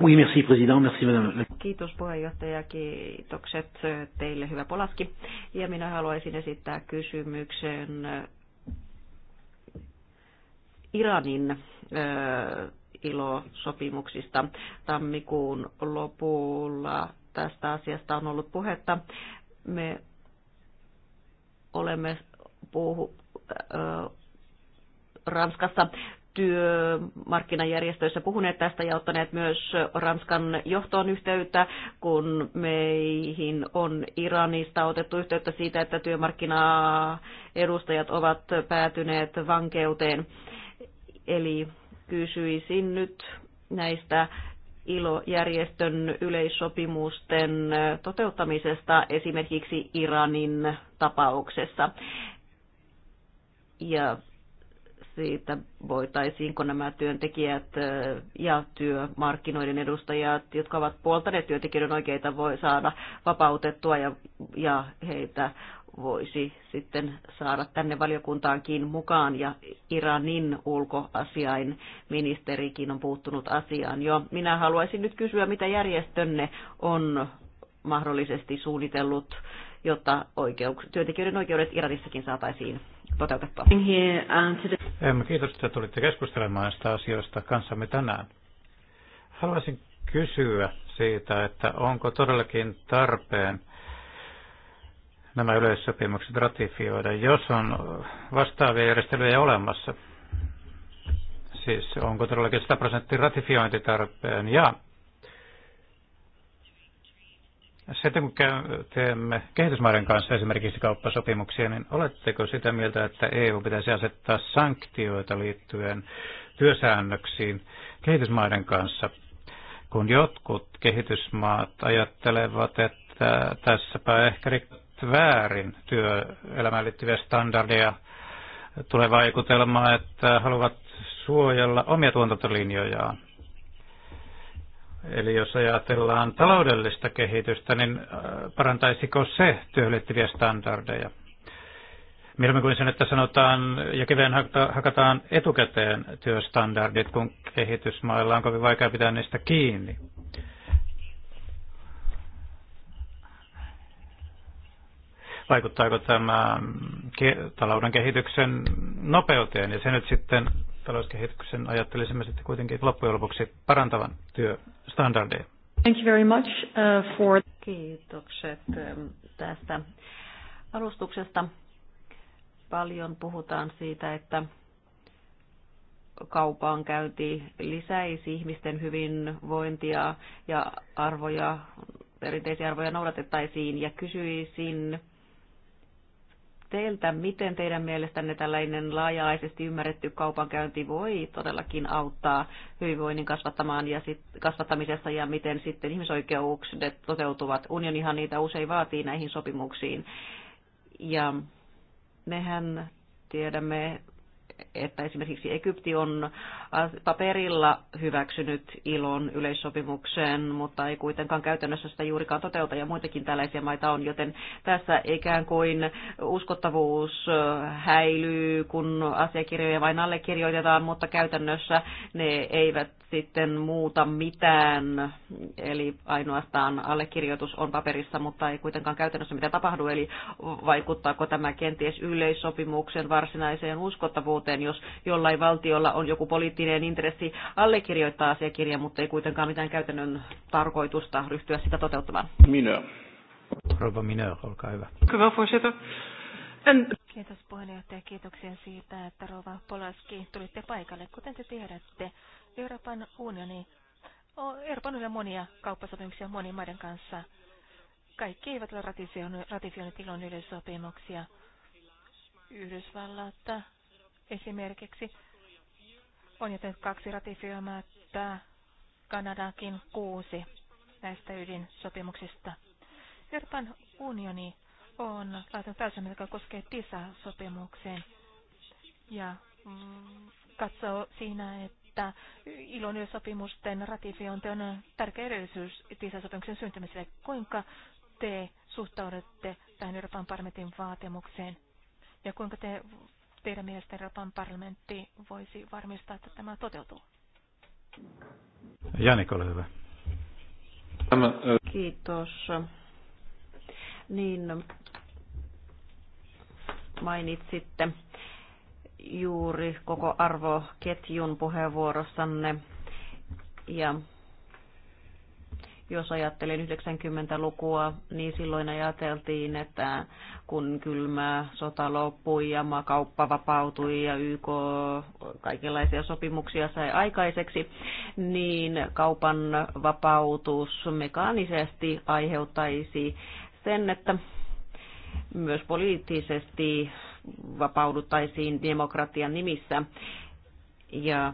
Oui, merci, président. Merci, madame. Kiitos puheenjohtaja, kiitokset teille, hyvä Polaski. Ja minä haluaisin esittää kysymyksen Iranin ILO-sopimuksista. Tammikuun lopulla tästä asiasta on ollut puhetta. Me olemme puhu, Ranskassa työmarkkinajärjestöissä puhuneet tästä ja ottaneet myös Ranskan johtoon yhteyttä, kun meihin on Iranista otettu yhteyttä siitä, että työmarkkinaedustajat ovat päätyneet vankeuteen. Eli kysyisin nyt näistä ilojärjestön yleissopimusten toteuttamisesta esimerkiksi Iranin tapauksessa. Ja siitä, voitaisiinko nämä työntekijät ja työmarkkinoiden edustajat, jotka ovat puoltaneet työntekijöiden oikeita, voi saada vapautettua ja, ja heitä voisi sitten saada tänne valiokuntaankin mukaan ja Iranin ulkoasiain ministerikin on puuttunut asiaan jo. Minä haluaisin nyt kysyä, mitä järjestönne on mahdollisesti suunnitellut, jotta oikeuks- työntekijöiden oikeudet Iranissakin saataisiin toteutettua. kiitos, että tulitte keskustelemaan näistä asioista kanssamme tänään. Haluaisin kysyä siitä, että onko todellakin tarpeen nämä yleissopimukset ratifioida, jos on vastaavia järjestelyjä olemassa. Siis onko todellakin 100 prosenttia ratifiointitarpeen ja sitten kun teemme kehitysmaiden kanssa esimerkiksi kauppasopimuksia, niin oletteko sitä mieltä, että EU pitäisi asettaa sanktioita liittyen työsäännöksiin kehitysmaiden kanssa, kun jotkut kehitysmaat ajattelevat, että tässäpä ehkä rikot väärin työelämään liittyviä standardeja, tulee vaikutelma, että haluavat suojella omia tuotantolinjojaan Eli jos ajatellaan taloudellista kehitystä, niin äh, parantaisiko se työhön liittyviä standardeja? Mieluummin kuin sen, että sanotaan ja kiveen hakataan etukäteen työstandardit, kun kehitysmailla on kovin vaikea pitää niistä kiinni. Vaikuttaako tämä talouden kehityksen nopeuteen ja se nyt sitten talouskehityksen ajattelisimme sitten kuitenkin loppujen lopuksi parantavan työstandardeja. Thank you very much uh, for... Kiitokset um, tästä alustuksesta. Paljon puhutaan siitä, että kaupaan käynti lisäisi ihmisten hyvinvointia ja arvoja, perinteisiä arvoja noudatettaisiin ja kysyisin teiltä, miten teidän mielestänne tällainen laaja alaisesti ymmärretty kaupankäynti voi todellakin auttaa hyvinvoinnin kasvattamaan ja sit, kasvattamisessa ja miten sitten ihmisoikeudet toteutuvat. Unionihan niitä usein vaatii näihin sopimuksiin. Ja mehän tiedämme että esimerkiksi Egypti on äh, paperilla hyväksynyt ilon yleissopimuksen, mutta ei kuitenkaan käytännössä sitä juurikaan toteuta, ja muitakin tällaisia maita on, joten tässä ikään kuin uskottavuus äh, häilyy, kun asiakirjoja vain allekirjoitetaan, mutta käytännössä ne eivät sitten muuta mitään, eli ainoastaan allekirjoitus on paperissa, mutta ei kuitenkaan käytännössä mitä tapahdu, eli vaikuttaako tämä kenties yleissopimuksen varsinaiseen uskottavuuteen, joten jos jollain valtiolla on joku poliittinen intressi allekirjoittaa asiakirja, mutta ei kuitenkaan mitään käytännön tarkoitusta ryhtyä sitä toteuttamaan. Minä. Rouva Minä, olkaa hyvä. Hyvä, voorzitter. En... Kiitos puheenjohtaja, kiitoksia siitä, että Rova Polaski tulitte paikalle. Kuten te tiedätte, Euroopan unioni Euroopan unionilla monia kauppasopimuksia monien maiden kanssa. Kaikki eivät ole ratifioineet ilon yleissopimuksia. Yhdysvallat esimerkiksi on jätetty kaksi ratifioimatta, Kanadakin kuusi näistä ydinsopimuksista. Euroopan unioni on laitanut täysin, joka koskee TISA-sopimukseen ja mm, katsoo siinä, että ilon sopimusten ratifiointi on tärkeä edellisyys TISA-sopimuksen syntymiselle. Kuinka te suhtaudutte tähän Euroopan parlamentin vaatimukseen ja kuinka te teidän mielestä Euroopan parlamentti voisi varmistaa, että tämä toteutuu? Janik, ole hyvä. Kiitos. Niin mainitsitte juuri koko arvoketjun puheenvuorossanne ja jos ajattelin 90-lukua, niin silloin ajateltiin, että kun kylmä sota loppui ja maakauppa vapautui ja YK kaikenlaisia sopimuksia sai aikaiseksi, niin kaupan vapautus mekaanisesti aiheuttaisi sen, että myös poliittisesti vapauduttaisiin demokratian nimissä. Ja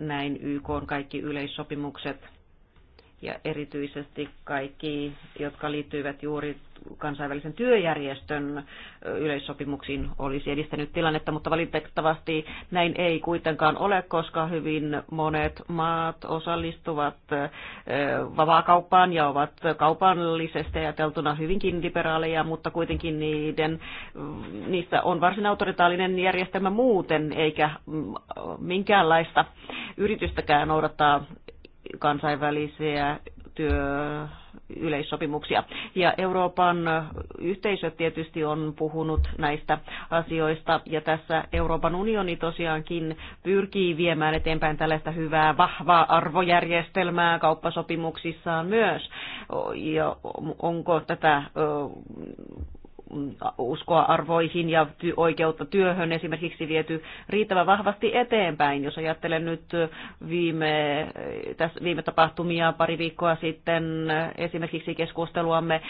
näin YK on kaikki yleissopimukset ja erityisesti kaikki, jotka liittyivät juuri kansainvälisen työjärjestön yleissopimuksiin olisi edistänyt tilannetta, mutta valitettavasti näin ei kuitenkaan ole, koska hyvin monet maat osallistuvat vapaakauppaan ja ovat kaupallisesti ajateltuna hyvinkin liberaaleja, mutta kuitenkin niiden, niistä on varsin autoritaalinen järjestelmä muuten, eikä mm, minkäänlaista yritystäkään noudattaa kansainvälisiä yleissopimuksia Ja Euroopan yhteisö tietysti on puhunut näistä asioista, ja tässä Euroopan unioni tosiaankin pyrkii viemään eteenpäin tällaista hyvää, vahvaa arvojärjestelmää kauppasopimuksissaan myös. Ja onko tätä uskoa arvoihin ja ty- oikeutta työhön esimerkiksi viety riittävän vahvasti eteenpäin. Jos ajattelen nyt viime, täs, viime tapahtumia pari viikkoa sitten esimerkiksi keskusteluamme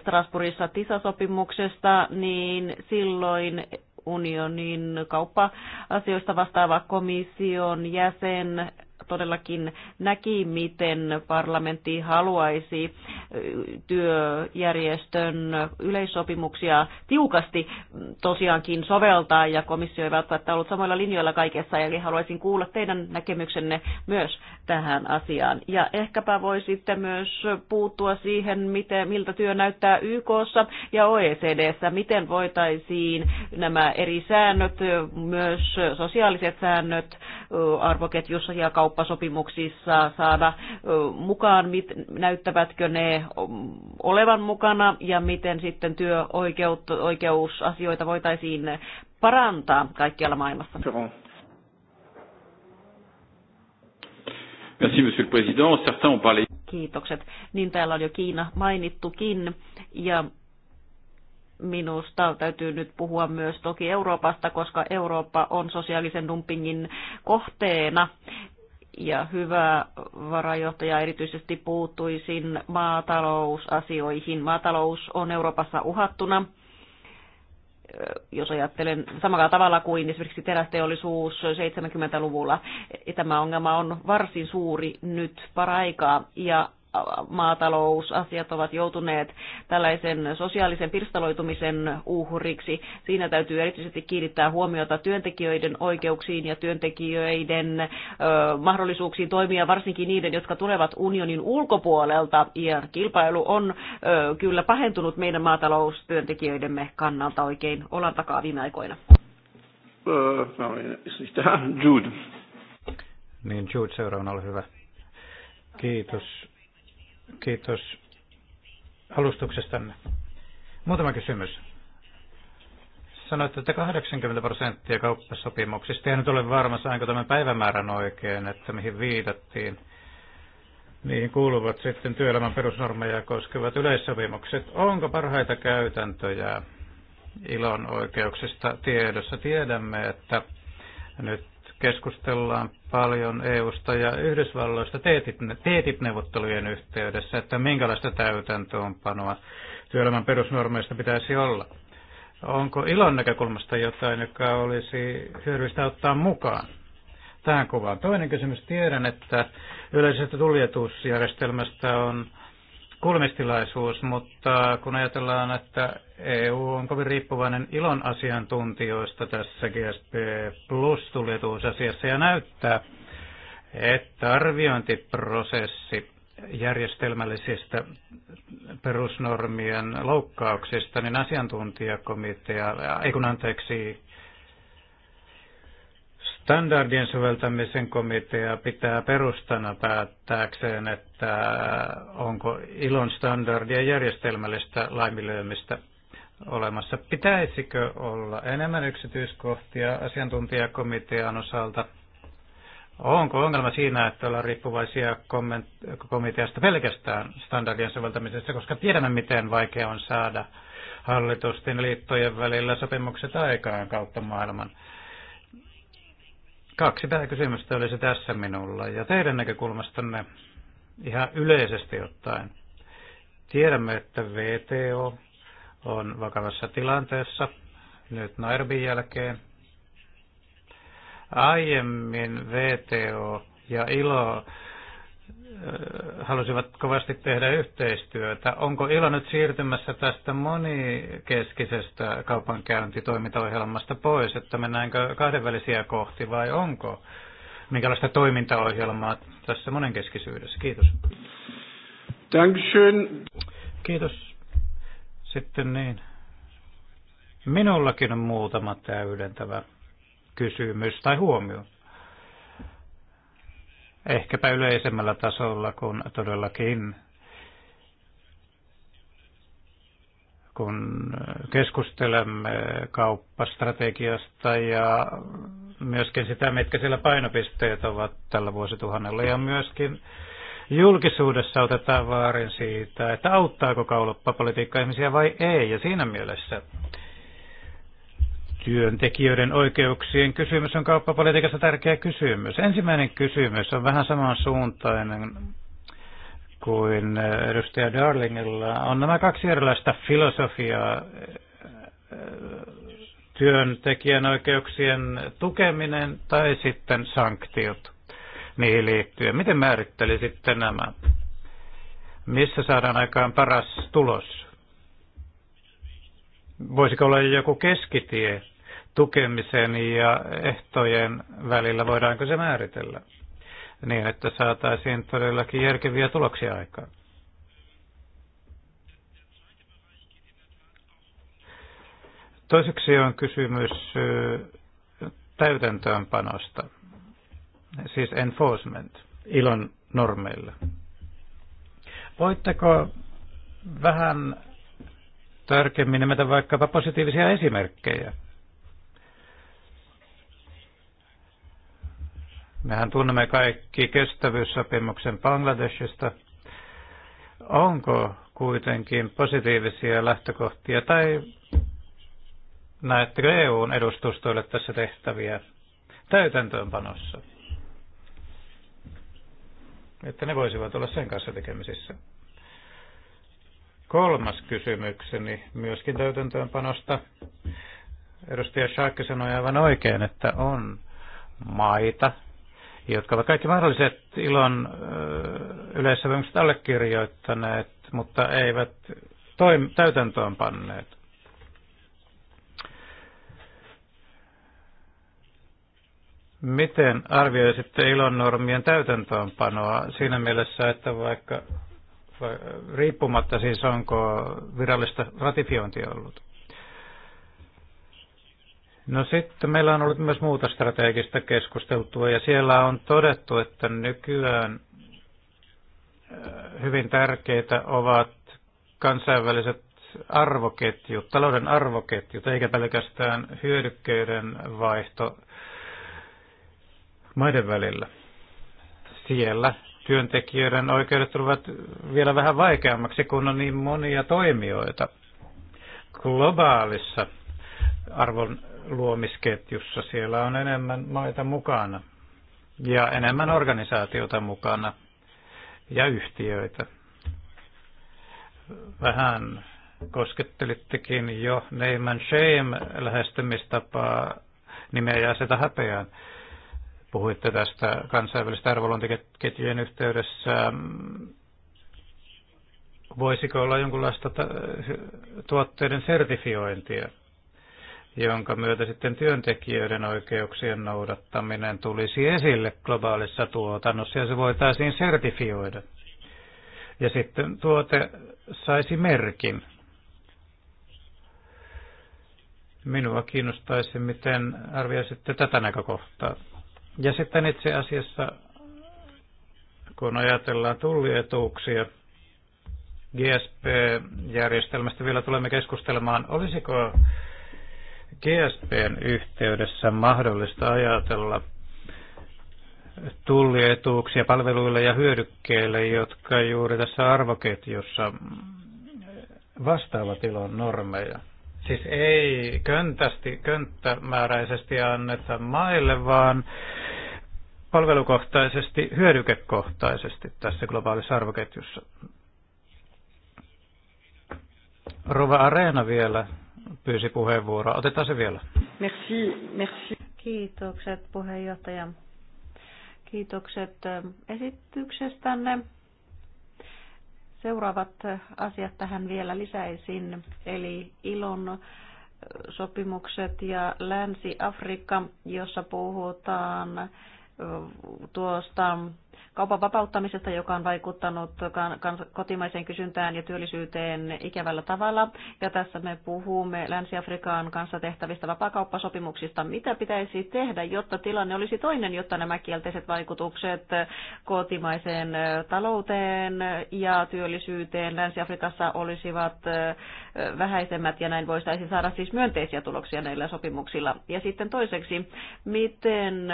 Strasbourgissa TISA-sopimuksesta, niin silloin unionin kauppa-asioista vastaava komission jäsen todellakin näki, miten parlamentti haluaisi työjärjestön yleissopimuksia tiukasti mm, tosiaankin soveltaa, ja komissio ei välttämättä ollut samoilla linjoilla kaikessa, eli haluaisin kuulla teidän näkemyksenne myös tähän asiaan. Ja ehkäpä voisitte myös puuttua siihen, miten, miltä työ näyttää YKssa ja OECDssä, miten voitaisiin nämä eri säännöt, myös sosiaaliset säännöt arvoketjussa ja kauppa kauppasopimuksissa saada mukaan, mit, näyttävätkö ne olevan mukana ja miten sitten työoikeusasioita voitaisiin parantaa kaikkialla maailmassa. Merci, Monsieur le Président. Certains ont parlé. Kiitokset. Niin täällä on jo Kiina mainittukin ja minusta täytyy nyt puhua myös toki Euroopasta, koska Eurooppa on sosiaalisen dumpingin kohteena ja hyvä varajohtaja, erityisesti puuttuisin maatalousasioihin. Maatalous on Euroopassa uhattuna, jos ajattelen samalla tavalla kuin esimerkiksi terästeollisuus 70-luvulla. Tämä ongelma on varsin suuri nyt paraikaa ja maatalousasiat ovat joutuneet tällaisen sosiaalisen pirstaloitumisen uhriksi. Siinä täytyy erityisesti kiinnittää huomiota työntekijöiden oikeuksiin ja työntekijöiden ö, mahdollisuuksiin toimia, varsinkin niiden, jotka tulevat unionin ulkopuolelta. Ja kilpailu on ö, kyllä pahentunut meidän maataloustyöntekijöidemme kannalta oikein olan takaa viime aikoina. No niin, Jude. Niin, Jude, seuraavana ole hyvä. Kiitos Kiitos alustuksestanne. Muutama kysymys. Sanoitte, että 80 prosenttia kauppasopimuksista, en nyt ole varma, saanko tämän päivämäärän oikein, että mihin viitattiin. Niihin kuuluvat sitten työelämän perusnormeja koskevat yleissopimukset. Onko parhaita käytäntöjä ilon oikeuksista tiedossa? Tiedämme, että nyt keskustellaan paljon EUsta ja Yhdysvalloista TTIP-neuvottelujen e e yhteydessä, että minkälaista täytäntöönpanoa työelämän perusnormeista pitäisi olla. Onko ilon näkökulmasta jotain, joka olisi hyödyllistä ottaa mukaan tähän kuvaan? Toinen kysymys. Tiedän, että yleisestä tuljetusjärjestelmästä on kulmistilaisuus, mutta kun ajatellaan, että EU on kovin riippuvainen ilon asiantuntijoista tässä GSP Plus tulituusasiassa ja näyttää, että arviointiprosessi järjestelmällisistä perusnormien loukkauksista, niin asiantuntijakomitea, ei kun anteeksi, standardien soveltamisen komitea pitää perustana päättääkseen, että onko ilon standardia järjestelmällistä laiminlyömistä olemassa. Pitäisikö olla enemmän yksityiskohtia asiantuntijakomitean osalta? Onko ongelma siinä, että ollaan riippuvaisia komiteasta pelkästään standardien soveltamisessa, koska tiedämme, miten vaikea on saada hallitusten liittojen välillä sopimukset aikaan kautta maailman? Kaksi pääkysymystä olisi tässä minulla ja teidän näkökulmastanne ihan yleisesti ottaen. Tiedämme, että VTO on vakavassa tilanteessa nyt Nairobin jälkeen. Aiemmin VTO ja ILO halusivat kovasti tehdä yhteistyötä. Onko ILO nyt siirtymässä tästä monikeskisestä kaupankäyntitoimintaohjelmasta pois, että mennäänkö kahdenvälisiä kohti vai onko? Minkälaista toimintaohjelmaa tässä monenkeskisyydessä? Kiitos. Dankeschön. Kiitos. Sitten niin. Minullakin on muutama täydentävä kysymys tai huomio ehkäpä yleisemmällä tasolla kuin todellakin kun keskustelemme kauppastrategiasta ja myöskin sitä, mitkä siellä painopisteet ovat tällä vuosituhannella ja myöskin julkisuudessa otetaan vaarin siitä, että auttaako kauppapolitiikka ihmisiä vai ei. Ja siinä mielessä Työntekijöiden oikeuksien kysymys on kauppapolitiikassa tärkeä kysymys. Ensimmäinen kysymys on vähän samansuuntainen kuin edustaja Darlingilla. On nämä kaksi erilaista filosofiaa. Työntekijän oikeuksien tukeminen tai sitten sanktiot niihin liittyen. Miten määrittelisitte nämä? Missä saadaan aikaan paras tulos? Voisiko olla joku keskitie tukemisen ja ehtojen välillä, voidaanko se määritellä niin, että saataisiin todellakin järkeviä tuloksia aikaan? Toiseksi on kysymys täytäntöönpanosta, siis enforcement, ilon normeilla. Voitteko vähän tarkemmin nimetä vaikkapa positiivisia esimerkkejä. Mehän tunnemme kaikki kestävyyssopimuksen Bangladeshista. Onko kuitenkin positiivisia lähtökohtia tai näettekö EUn edustustoille tässä tehtäviä täytäntöönpanossa? Että ne voisivat olla sen kanssa tekemisissä. Kolmas kysymykseni myöskin täytäntöönpanosta. Edustaja Schaakki sanoi aivan oikein, että on maita, jotka ovat kaikki mahdolliset ilon yleissopimukset allekirjoittaneet, mutta eivät toim- täytäntöön panneet. Miten arvioisitte ilon normien täytäntöönpanoa siinä mielessä, että vaikka riippumatta siis onko virallista ratifiointia ollut. No sitten meillä on ollut myös muuta strategista keskusteltua ja siellä on todettu, että nykyään äh, hyvin tärkeitä ovat kansainväliset arvoketjut, talouden arvoketjut, eikä pelkästään hyödykkeiden vaihto maiden välillä. Siellä työntekijöiden oikeudet tulevat vielä vähän vaikeammaksi, kun on niin monia toimijoita globaalissa arvon luomisketjussa. Siellä on enemmän maita mukana ja enemmän organisaatiota mukana ja yhtiöitä. Vähän koskettelittekin jo Neyman Shame lähestymistapaa nimeä ja sitä häpeään. Puhuitte tästä kansainvälistä arvoluontiketjujen yhteydessä. Voisiko olla jonkinlaista tuotteiden sertifiointia, jonka myötä sitten työntekijöiden oikeuksien noudattaminen tulisi esille globaalissa tuotannossa ja se voitaisiin sertifioida? Ja sitten tuote saisi merkin. Minua kiinnostaisi, miten arvioisitte tätä näkökohtaa. Ja sitten itse asiassa, kun ajatellaan tullietuuksia, GSP-järjestelmästä vielä tulemme keskustelemaan. Olisiko GSPn yhteydessä mahdollista ajatella tullietuuksia palveluille ja hyödykkeille, jotka juuri tässä arvoketjussa vastaavat ilon normeja? Siis ei köntästi, könttämääräisesti anneta maille, vaan palvelukohtaisesti, hyödykekohtaisesti tässä globaalissa arvoketjussa. Rova Areena vielä pyysi puheenvuoroa. Otetaan se vielä. Merci, merci. Kiitokset puheenjohtaja. Kiitokset äh, esityksestänne. Seuraavat asiat tähän vielä lisäisin, eli ilon sopimukset ja Länsi-Afrikka, jossa puhutaan tuosta kaupan vapauttamisesta, joka on vaikuttanut kotimaiseen kysyntään ja työllisyyteen ikävällä tavalla. Ja tässä me puhumme Länsi-Afrikan kanssa tehtävistä vapakauppasopimuksista. Mitä pitäisi tehdä, jotta tilanne olisi toinen, jotta nämä kielteiset vaikutukset kotimaiseen talouteen ja työllisyyteen Länsi-Afrikassa olisivat vähäisemmät ja näin voitaisiin saada siis myönteisiä tuloksia näillä sopimuksilla. Ja sitten toiseksi, miten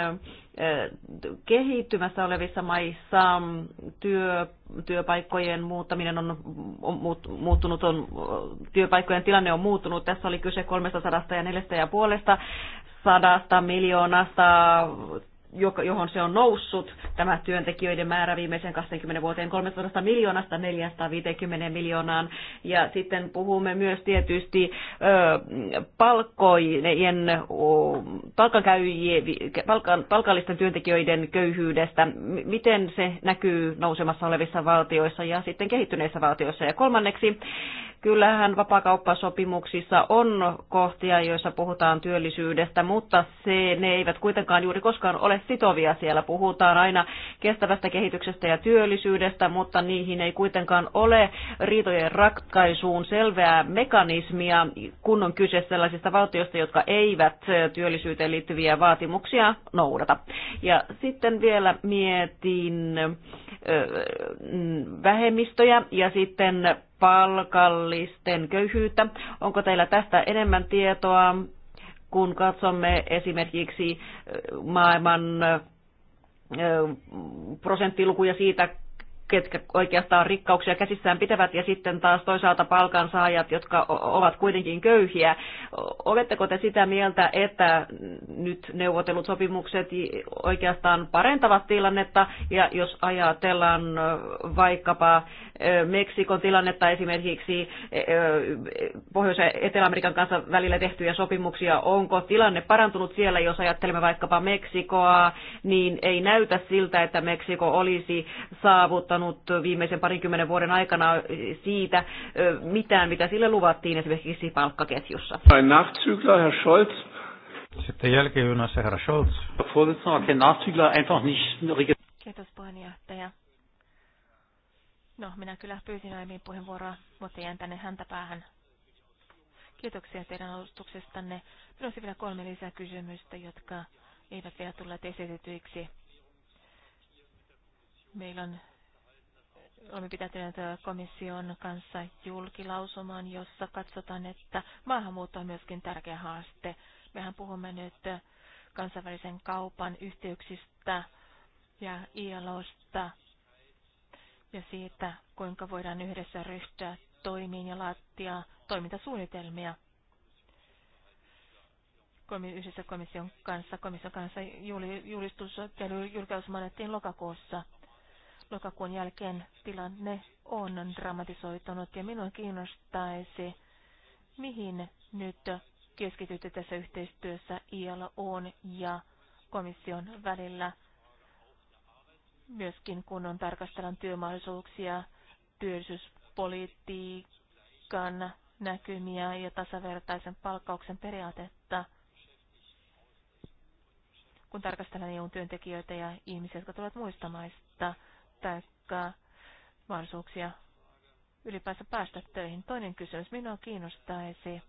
kehittymässä olevissa maissa maissa työ, työpaikkojen muuttaminen on, on muuttunut, on, työpaikkojen tilanne on muuttunut. Tässä oli kyse 300 ja 4,5 sadasta miljoonasta johon se on noussut, tämä työntekijöiden määrä viimeisen 20 vuoteen 300 miljoonasta 450 miljoonaan. Ja sitten puhumme myös tietysti palkkojen, palkan, palkallisten työntekijöiden köyhyydestä, miten se näkyy nousemassa olevissa valtioissa ja sitten kehittyneissä valtioissa. Ja kolmanneksi Kyllähän vapakauppasopimuksissa on kohtia, joissa puhutaan työllisyydestä, mutta se, ne eivät kuitenkaan juuri koskaan ole sitovia. Siellä puhutaan aina kestävästä kehityksestä ja työllisyydestä, mutta niihin ei kuitenkaan ole riitojen ratkaisuun selveää mekanismia, kun on kyse sellaisista valtioista, jotka eivät työllisyyteen liittyviä vaatimuksia noudata. Ja sitten vielä mietin vähemmistöjä ja sitten palkallisten köyhyyttä. Onko teillä tästä enemmän tietoa, kun katsomme esimerkiksi maailman prosenttilukuja siitä, ketkä oikeastaan rikkauksia käsissään pitävät, ja sitten taas toisaalta palkansaajat, jotka ovat kuitenkin köyhiä. Oletteko te sitä mieltä, että nyt neuvotellut sopimukset oikeastaan parentavat tilannetta, ja jos ajatellaan vaikkapa Meksikon tilannetta esimerkiksi Pohjois- ja Etelä-Amerikan kanssa välillä tehtyjä sopimuksia. Onko tilanne parantunut siellä, jos ajattelemme vaikkapa Meksikoa, niin ei näytä siltä, että Meksiko olisi saavuttanut viimeisen parinkymmenen vuoden aikana siitä mitään, mitä sille luvattiin esimerkiksi palkkaketjussa. Sitten jälkijunassa herra Scholz. Kiitos puheenjohtaja. No, minä kyllä pyysin aiemmin puheenvuoroa, mutta jään tänne häntä päähän. Kiitoksia teidän alustuksestanne. Minulla olisi vielä kolme lisää kysymystä, jotka eivät vielä tulleet esitetyiksi. Meillä on, olemme pitäneet komission kanssa julkilausuman, jossa katsotaan, että maahanmuutto on myöskin tärkeä haaste. Mehän puhumme nyt kansainvälisen kaupan yhteyksistä ja ILOsta ja siitä, kuinka voidaan yhdessä ryhtyä toimiin ja laatia toimintasuunnitelmia. Yhdessä komission kanssa, komission kanssa julistus julkaus annettiin lokakuussa. Lokakuun jälkeen tilanne on dramatisoitunut ja minua kiinnostaisi, mihin nyt keskitytte tässä yhteistyössä on ja komission välillä – myöskin kun on tarkastellaan työmahdollisuuksia, työllisyyspolitiikan näkymiä ja tasavertaisen palkkauksen periaatetta. Kun tarkastellaan EUn työntekijöitä ja ihmisiä, jotka tulevat muista maista, tai mahdollisuuksia ylipäänsä päästä töihin. Toinen kysymys minua kiinnostaisi.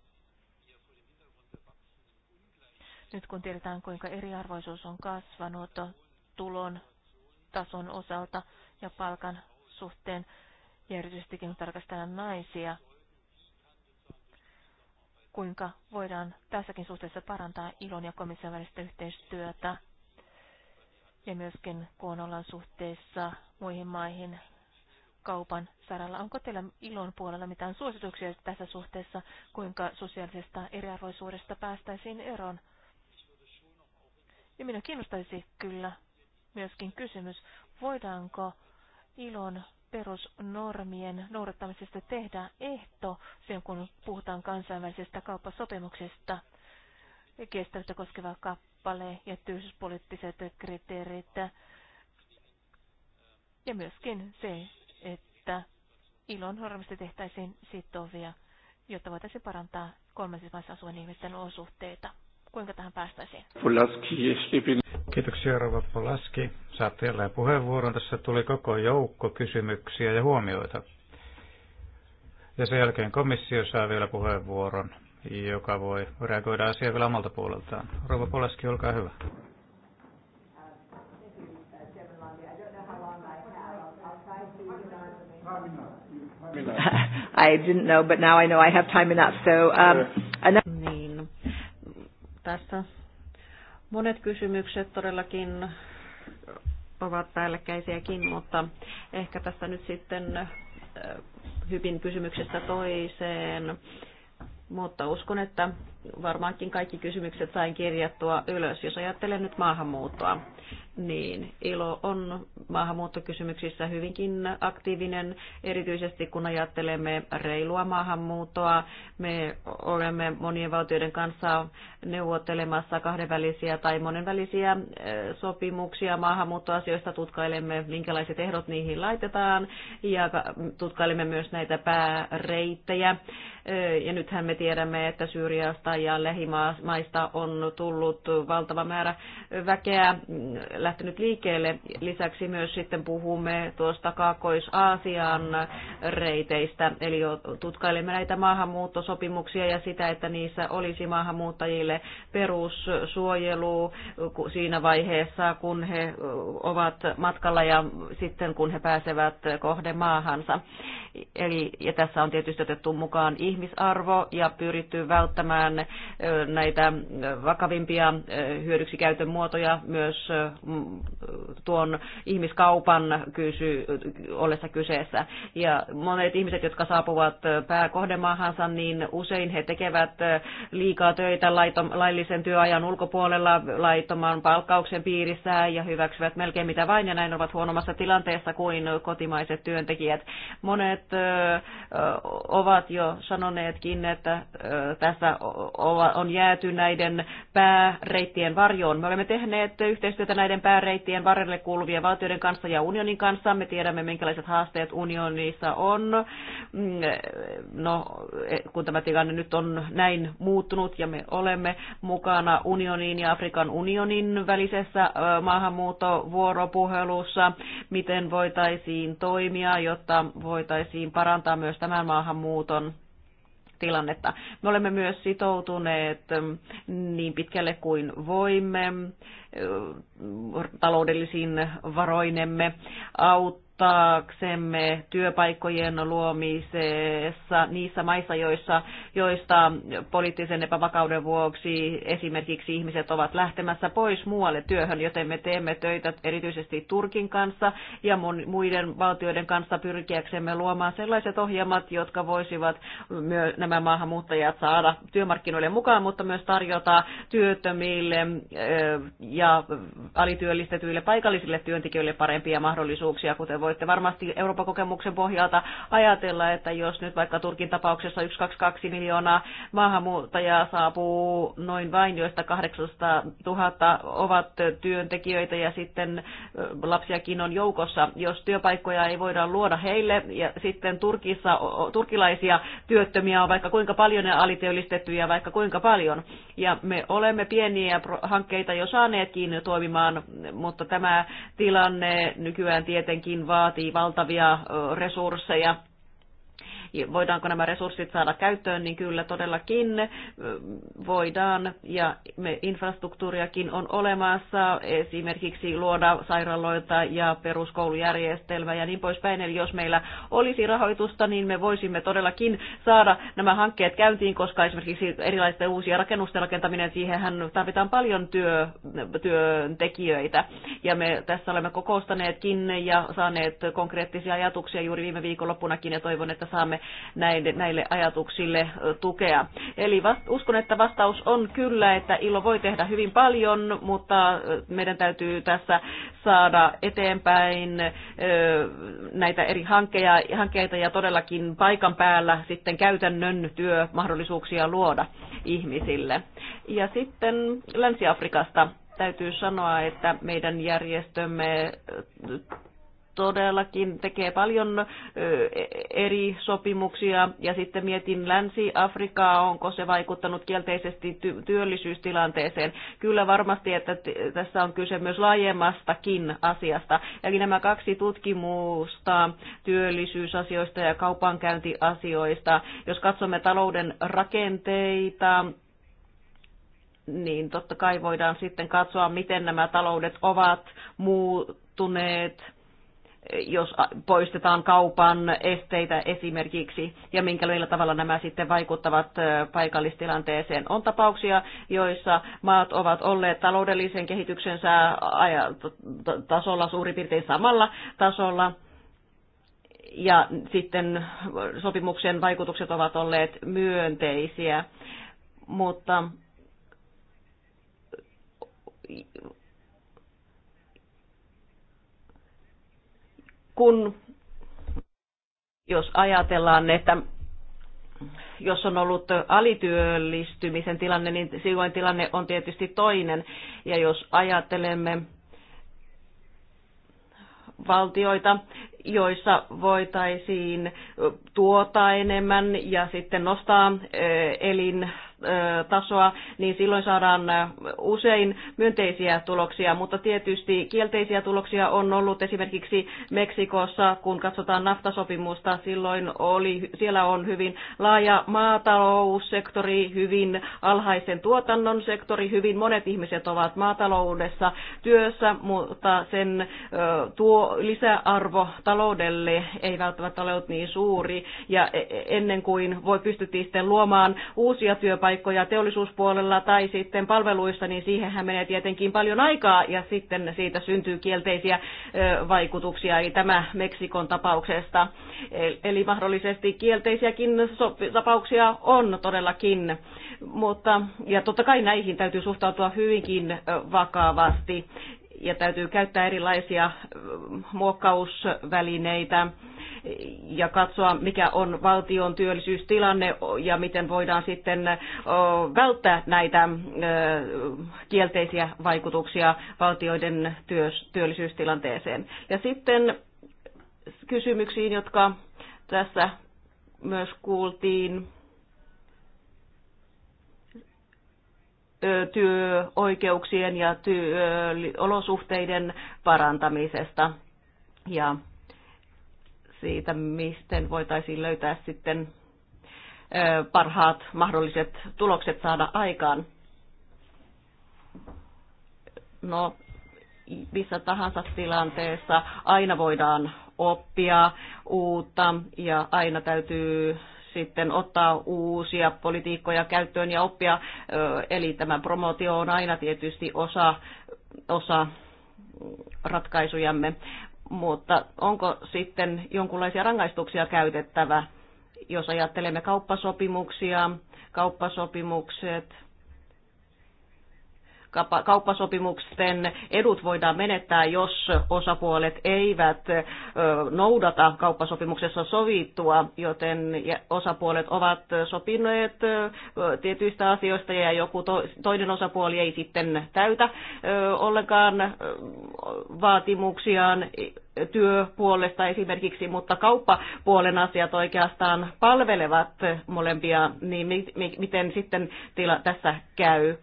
Nyt kun tiedetään, kuinka eriarvoisuus on kasvanut tulon tason osalta ja palkan suhteen, ja erityisestikin tarkastellaan naisia, kuinka voidaan tässäkin suhteessa parantaa ilon ja komission välistä yhteistyötä, ja myöskin kun ollaan suhteessa muihin maihin kaupan saralla. Onko teillä ilon puolella mitään suosituksia tässä suhteessa, kuinka sosiaalisesta eriarvoisuudesta päästäisiin eroon? Ja minä kiinnostaisi kyllä myöskin kysymys, voidaanko ilon perusnormien noudattamisesta tehdä ehto sen, kun puhutaan kansainvälisestä kauppasopimuksesta, kestävyyttä koskeva kappale ja työllisyyspoliittiset kriteerit. Ja myöskin se, että ilon normista tehtäisiin sitovia, jotta voitaisiin parantaa kolmansissa maissa asuvien ihmisten olosuhteita kuinka tähän päästäisiin? Kiitoksia Rova Polaski. Saatte jälleen puheenvuoron. Tässä tuli koko joukko kysymyksiä ja huomioita. Ja sen jälkeen komissio saa vielä puheenvuoron, joka voi reagoida asiaan vielä omalta puoleltaan. Rova Polaski, olkaa hyvä. I didn't know, but now I know I have time enough. So, um, tässä monet kysymykset todellakin ovat päällekkäisiäkin, mutta ehkä tässä nyt sitten hyvin kysymyksestä toiseen. Mutta uskon, että varmaankin kaikki kysymykset sain kirjattua ylös, jos ajattelen nyt maahanmuuttoa niin ILO on maahanmuuttokysymyksissä hyvinkin aktiivinen, erityisesti kun ajattelemme reilua maahanmuuttoa. Me olemme monien valtioiden kanssa neuvottelemassa kahdenvälisiä tai monenvälisiä eh, sopimuksia maahanmuuttoasioista, tutkailemme minkälaiset ehdot niihin laitetaan ja tutkailemme myös näitä pääreittejä ja nythän me tiedämme, että Syyriasta ja lähimaista on tullut valtava määrä väkeä mm, lähtenyt liikkeelle. Lisäksi myös sitten puhumme tuosta Kaakkois-Aasian reiteistä, eli tutkailemme näitä maahanmuuttosopimuksia ja sitä, että niissä olisi maahanmuuttajille perussuojelu siinä vaiheessa, kun he ovat matkalla ja sitten kun he pääsevät maahansa. Eli, ja tässä on tietysti otettu mukaan ihmisiä ihmisarvo ja pyritty välttämään näitä vakavimpia hyödyksikäytön muotoja myös tuon ihmiskaupan kysy, ollessa kyseessä. Ja monet ihmiset, jotka saapuvat pääkohdemaahansa, niin usein he tekevät liikaa töitä laillisen työajan ulkopuolella, laittoman palkkauksen piirissä ja hyväksyvät melkein mitä vain ja näin ovat huonommassa tilanteessa kuin kotimaiset työntekijät. Monet ovat jo sanoneet, sanoneetkin, että tässä on jääty näiden pääreittien varjoon. Me olemme tehneet yhteistyötä näiden pääreittien varrelle kuuluvien valtioiden kanssa ja unionin kanssa. Me tiedämme, minkälaiset haasteet unionissa on. Mm, no, e, kun tämä tilanne nyt on näin muuttunut ja me olemme mukana unionin ja Afrikan unionin välisessä maahanmuuttovuoropuhelussa, miten voitaisiin toimia, jotta voitaisiin parantaa myös tämän maahanmuuton tilannetta. Me olemme myös sitoutuneet mm, niin pitkälle kuin voimme mm, taloudellisiin varoinemme auttaa auttaaksemme työpaikkojen luomisessa niissä maissa, joissa, joista poliittisen epävakauden vuoksi esimerkiksi ihmiset ovat lähtemässä pois muualle työhön, joten me teemme töitä erityisesti Turkin kanssa ja muiden valtioiden kanssa pyrkiäksemme luomaan sellaiset ohjelmat, jotka voisivat myös nämä maahanmuuttajat saada työmarkkinoille mukaan, mutta myös tarjota työttömille ja alityöllistetyille paikallisille työntekijöille parempia mahdollisuuksia, kuten voi voitte varmasti Euroopan kokemuksen pohjalta ajatella, että jos nyt vaikka Turkin tapauksessa 122 miljoonaa maahanmuuttajaa saapuu noin vain, joista 800 000 ovat työntekijöitä ja sitten lapsiakin on joukossa, jos työpaikkoja ei voida luoda heille ja sitten Turkissa turkilaisia työttömiä on vaikka kuinka paljon ne alityöllistettyjä vaikka kuinka paljon. Ja me olemme pieniä hankkeita jo saaneetkin toimimaan, mutta tämä tilanne nykyään tietenkin vaan vaatii valtavia resursseja voidaanko nämä resurssit saada käyttöön, niin kyllä todellakin voidaan ja me infrastruktuuriakin on olemassa, esimerkiksi luoda sairaaloita ja peruskoulujärjestelmä ja niin poispäin. Eli jos meillä olisi rahoitusta, niin me voisimme todellakin saada nämä hankkeet käyntiin, koska esimerkiksi erilaisten uusia rakennusten rakentaminen, siihenhän tarvitaan paljon työ, työntekijöitä. Ja me tässä olemme kokoustaneetkin ja saaneet konkreettisia ajatuksia juuri viime viikonloppunakin ja toivon, että saamme näille, näille ajatuksille tukea. Eli vast, uskon, että vastaus on kyllä, että ILO voi tehdä hyvin paljon, mutta meidän täytyy tässä saada eteenpäin näitä eri hankkeja, hankkeita ja todellakin paikan päällä sitten käytännön työmahdollisuuksia luoda ihmisille. Ja sitten Länsi-Afrikasta täytyy sanoa, että meidän järjestömme todellakin tekee paljon eri sopimuksia ja sitten mietin Länsi-Afrikaa, onko se vaikuttanut kielteisesti työllisyystilanteeseen. Kyllä varmasti, että tässä on kyse myös laajemmastakin asiasta. Eli nämä kaksi tutkimusta työllisyysasioista ja kaupankäyntiasioista, jos katsomme talouden rakenteita, niin totta kai voidaan sitten katsoa, miten nämä taloudet ovat muuttuneet jos poistetaan kaupan esteitä esimerkiksi, ja minkälailla tavalla nämä sitten vaikuttavat paikallistilanteeseen. On tapauksia, joissa maat ovat olleet taloudellisen kehityksensä tasolla suurin piirtein samalla tasolla, ja sitten sopimuksen vaikutukset ovat olleet myönteisiä, mutta kun jos ajatellaan, että jos on ollut alityöllistymisen tilanne, niin silloin tilanne on tietysti toinen. Ja jos ajattelemme valtioita, joissa voitaisiin tuota enemmän ja sitten nostaa eh, elin tasoa, niin silloin saadaan usein myönteisiä tuloksia, mutta tietysti kielteisiä tuloksia on ollut esimerkiksi Meksikossa, kun katsotaan naftasopimusta, silloin oli, siellä on hyvin laaja maataloussektori, hyvin alhaisen tuotannon sektori, hyvin monet ihmiset ovat maataloudessa työssä, mutta sen tuo lisäarvo taloudelle ei välttämättä ole ollut niin suuri, ja e, e, ennen kuin voi pystyttiin sitten luomaan uusia työpaikkoja, työpaikkoja teollisuuspuolella tai sitten palveluissa, niin siihenhän menee tietenkin paljon aikaa ja sitten siitä syntyy kielteisiä vaikutuksia, eli tämä Meksikon tapauksesta. E, eli mahdollisesti kielteisiäkin tapauksia on todellakin, mutta ja totta kai näihin täytyy suhtautua hyvinkin vakavasti ja täytyy käyttää erilaisia muokkausvälineitä ja katsoa, mikä on valtion työllisyystilanne ja miten voidaan sitten välttää näitä kielteisiä vaikutuksia valtioiden työllisyystilanteeseen. Ja sitten kysymyksiin, jotka tässä myös kuultiin työoikeuksien ja työolosuhteiden parantamisesta ja siitä, miten voitaisiin löytää sitten parhaat mahdolliset tulokset saada aikaan. No, missä tahansa tilanteessa aina voidaan oppia uutta ja aina täytyy sitten ottaa uusia politiikkoja käyttöön ja oppia. Eli tämä promootio on aina tietysti osa, osa ratkaisujamme, mutta onko sitten jonkinlaisia rangaistuksia käytettävä, jos ajattelemme kauppasopimuksia, kauppasopimukset – kauppasopimusten edut voidaan menettää, jos osapuolet eivät noudata kauppasopimuksessa sovittua, joten osapuolet ovat sopineet tietyistä asioista ja joku toinen osapuoli ei sitten täytä ollenkaan vaatimuksiaan työpuolesta esimerkiksi, mutta kauppapuolen asiat oikeastaan palvelevat molempia, niin miten sitten tila tässä käy.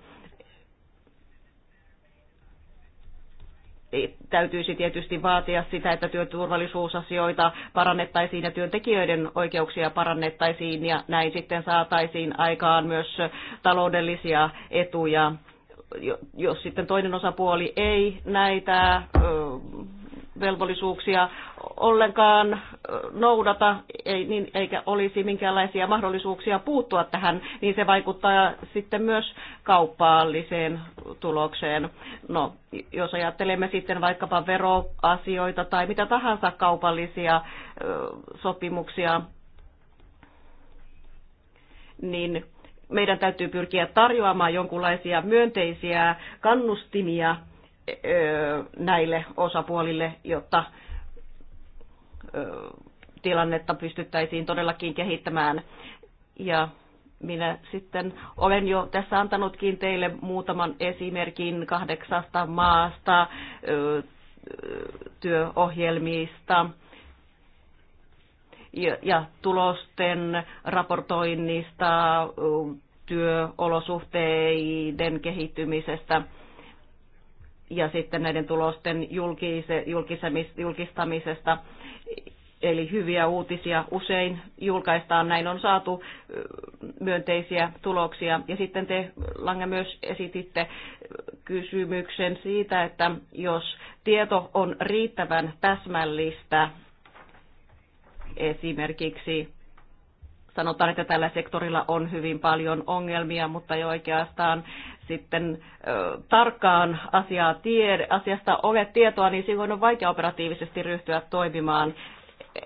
täytyisi tietysti vaatia sitä, että työturvallisuusasioita parannettaisiin ja työntekijöiden oikeuksia parannettaisiin ja näin sitten saataisiin aikaan myös taloudellisia etuja. Jos sitten toinen osapuoli ei näitä velvollisuuksia ollenkaan noudata ei, niin, eikä olisi minkäänlaisia mahdollisuuksia puuttua tähän, niin se vaikuttaa sitten myös kauppaalliseen tulokseen. No, jos ajattelemme sitten vaikkapa veroasioita tai mitä tahansa kaupallisia sopimuksia, niin meidän täytyy pyrkiä tarjoamaan jonkinlaisia myönteisiä kannustimia näille osapuolille, jotta tilannetta pystyttäisiin todellakin kehittämään. Ja minä sitten olen jo tässä antanutkin teille muutaman esimerkin kahdeksasta maasta työohjelmista ja tulosten raportoinnista, työolosuhteiden kehittymisestä – ja sitten näiden tulosten julkistamisesta. Eli hyviä uutisia usein julkaistaan, näin on saatu myönteisiä tuloksia. Ja sitten te, Lange, myös esititte kysymyksen siitä, että jos tieto on riittävän täsmällistä, esimerkiksi sanotaan, että tällä sektorilla on hyvin paljon ongelmia, mutta ei oikeastaan sitten ö, tarkkaan asiaa tied, asiasta ole tietoa, niin silloin on vaikea operatiivisesti ryhtyä toimimaan.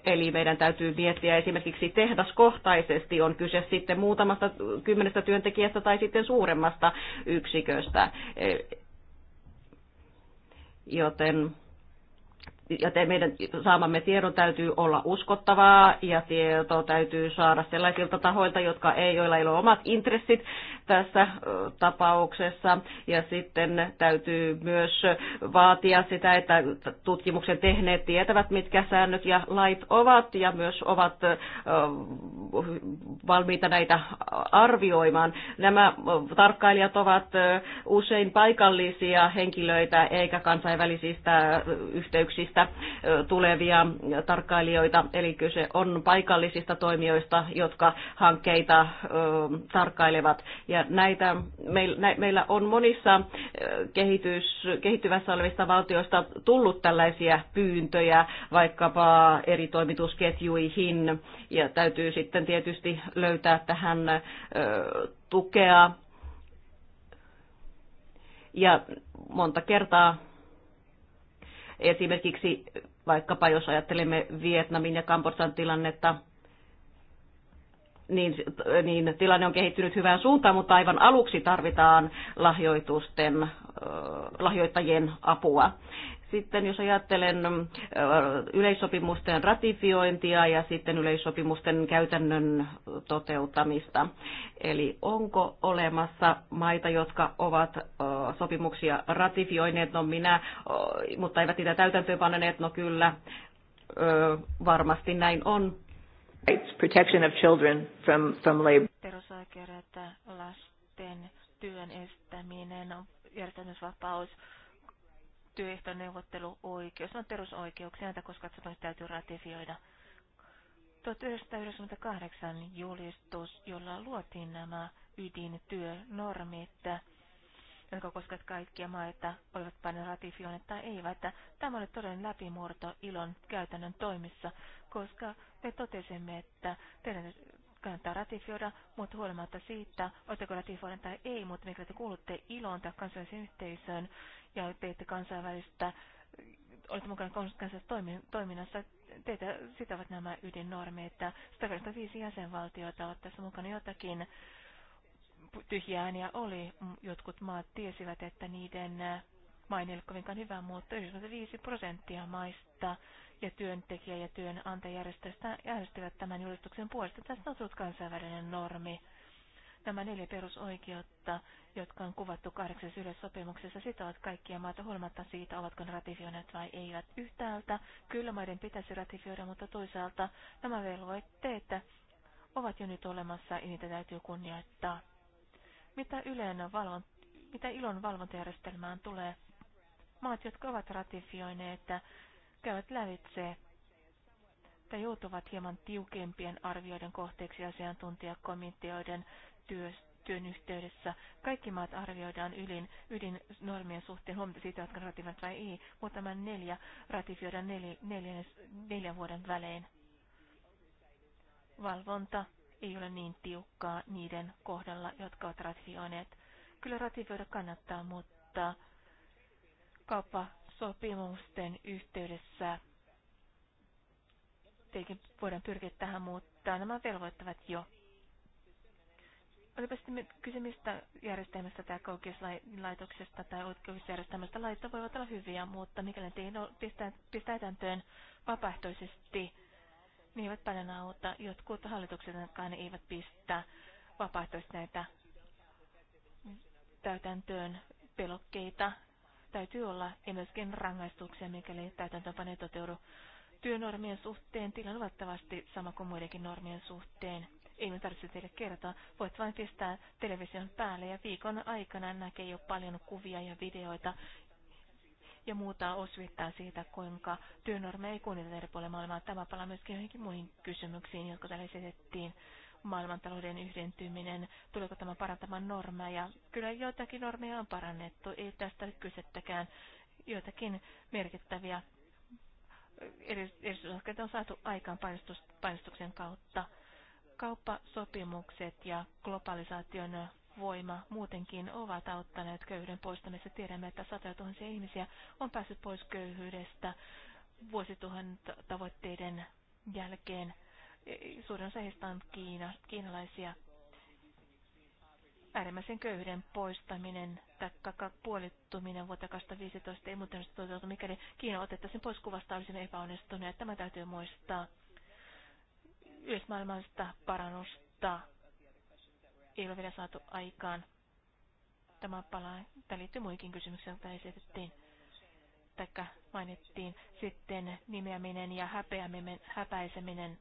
Eli meidän täytyy miettiä esimerkiksi tehdaskohtaisesti, on kyse sitten muutamasta kymmenestä työntekijästä tai sitten suuremmasta yksiköstä. E, joten ja te meidän saamamme tiedon täytyy olla uskottavaa ja tieto täytyy saada sellaisilta tahoilta, jotka ei, joilla ei ole omat intressit tässä tapauksessa. Ja sitten täytyy myös vaatia sitä, että tutkimuksen tehneet tietävät, mitkä säännöt ja lait ovat ja myös ovat valmiita näitä arvioimaan. Nämä tarkkailijat ovat usein paikallisia henkilöitä eikä kansainvälisistä yhteyksistä näitä tulevia tarkkailijoita. Eli kyse on paikallisista toimijoista, jotka hankkeita tarkkailevat. Ja näitä, meillä on monissa kehitys, kehittyvässä olevista valtioista tullut tällaisia pyyntöjä vaikkapa eri toimitusketjuihin ja täytyy sitten tietysti löytää tähän tukea. Ja monta kertaa Esimerkiksi vaikkapa jos ajattelemme Vietnamin ja Kambodsan tilannetta, niin, niin tilanne on kehittynyt hyvään suuntaan, mutta aivan aluksi tarvitaan lahjoitusten, lahjoittajien apua. Sitten jos ajattelen yleissopimusten ratifiointia ja sitten yleissopimusten käytännön toteuttamista, eli onko olemassa maita, jotka ovat sopimuksia ratifioineet, no minä, mutta eivät niitä täytäntöönpaneneet, no kyllä, varmasti näin on. Its protection of children from, from labor. lasten työn estäminen, järjestämisvapaus, työehtoneuvotteluoikeus on perusoikeuksia, näitä koska että täytyy ratifioida. 1998 julistus, jolla luotiin nämä ydintyönormit, jotka koskevat kaikkia maita, olivat ne ratifioineet tai eivät. Tämä oli todellinen läpimurto ilon käytännön toimissa, koska me totesimme, että teidän kannattaa ratifioida, mutta huolimatta siitä, oletteko ratifioineet tai ei, mutta mikä te kuulutte iloon tai kansainväliseen yhteisöön ja teette kansainvälistä, olette mukana kansainvälisessä toiminnassa, teitä sitävät nämä ydinnormit, että 125 jäsenvaltiota ovat tässä mukana jotakin tyhjää ääniä oli. Jotkut maat tiesivät, että niiden maine ei ole kovinkaan hyvä, mutta 95 prosenttia maista ja työntekijä- ja työnantajärjestöistä järjestivät tämän julistuksen puolesta. tässä on tullut kansainvälinen normi. Nämä neljä perusoikeutta, jotka on kuvattu kahdeksas yleissopimuksessa, sitovat kaikkia maata huolimatta siitä, ovatko ne ratifioineet vai eivät. Yhtäältä kyllä maiden pitäisi ratifioida, mutta toisaalta nämä velvoitteet ovat jo nyt olemassa ja niitä täytyy kunnioittaa. Mitä, yleen valvon, mitä ilon valvontajärjestelmään tulee? Maat, jotka ovat ratifioineet käyvät lävitse tai joutuvat hieman tiukempien arvioiden kohteeksi asiantuntijakomiteoiden työstä työn yhteydessä. Kaikki maat arvioidaan ylin ydinnormien suhteen huomioon siitä, jotka ratifioivat vai ei, mutta tämä neljä ratifioidaan nel, neljä, neljän vuoden välein. Valvonta ei ole niin tiukkaa niiden kohdalla, jotka ovat ratifioineet. Kyllä ratifioida kannattaa, mutta kauppa sopimusten yhteydessä tietenkin voidaan pyrkiä tähän, mutta nämä velvoittavat jo. Olipa sitten kyse mistä järjestelmästä tai oikeuslaitoksesta tai oikeusjärjestelmästä, laitto voivat olla hyviä, mutta mikäli ne pistää, pistää vapaaehtoisesti, niin eivät paljon auta. Jotkut hallituksetkaan eivät pistä vapaaehtoisesti näitä täytäntöön pelokkeita täytyy olla ja myöskin rangaistuksia, mikäli täytäntöönpano ei toteudu. Työnormien suhteen tilan valtavasti sama kuin muidenkin normien suhteen. Ei minun tarvitse teille kertoa. Voit vain pistää television päälle ja viikon aikana näkee jo paljon kuvia ja videoita ja muuta osvittaa siitä, kuinka työnormeja ei kuunnella eri puolilla maailmaa. Tämä palaa myöskin joihinkin muihin kysymyksiin, jotka täällä esitettiin maailmantalouden yhdentyminen, tuleeko tämä parantamaan normeja. Kyllä joitakin normeja on parannettu, ei tästä kysettäkään. Joitakin merkittäviä edistysaskeleita on saatu aikaan painostuksen kautta. Kauppasopimukset ja globalisaation voima muutenkin ovat auttaneet köyhyyden poistamisessa. Tiedämme, että satoja tuhansia ihmisiä on päässyt pois köyhyydestä vuosituhan tavoitteiden jälkeen suurin osa heistä on Kiina, kiinalaisia. Äärimmäisen köyhyyden poistaminen tai puolittuminen vuotta 2015 ei muuten olisi toteutu. Mikäli Kiina otettaisiin pois kuvasta, olisimme epäonnistuneet. Tämä täytyy muistaa. Yhdysmaailmallista parannusta ei ole vielä saatu aikaan. Tämä, palaa, tämä liittyy muihinkin kysymyksiin, joita esitettiin taikka mainittiin sitten nimeäminen ja häpeäminen, häpäiseminen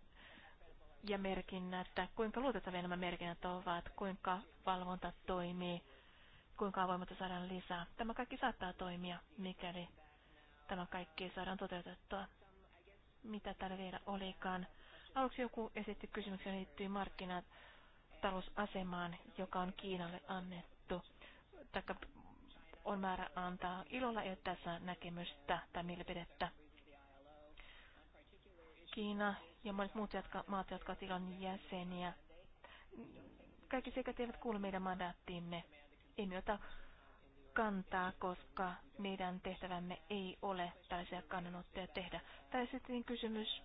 ja merkinnät, kuinka luotettavia nämä merkinnät ovat, kuinka valvonta toimii, kuinka avoimuutta saadaan lisää. Tämä kaikki saattaa toimia, mikäli tämä kaikki saadaan toteutettua. Mitä täällä vielä olikaan? Aluksi joku esitti kysymyksen liittyen markkinatalousasemaan, joka on Kiinalle annettu, taikka on määrä antaa ilolla ei ole tässä näkemystä tai mielipidettä. Kiina ja monet muut jatka, maat, jotka ovat Iranin jäseniä. Kaikki sekä eivät kuulu meidän mandaattiimme. Emme ota kantaa, koska meidän tehtävämme ei ole tällaisia kannanottoja tehdä. Tai sitten kysymys,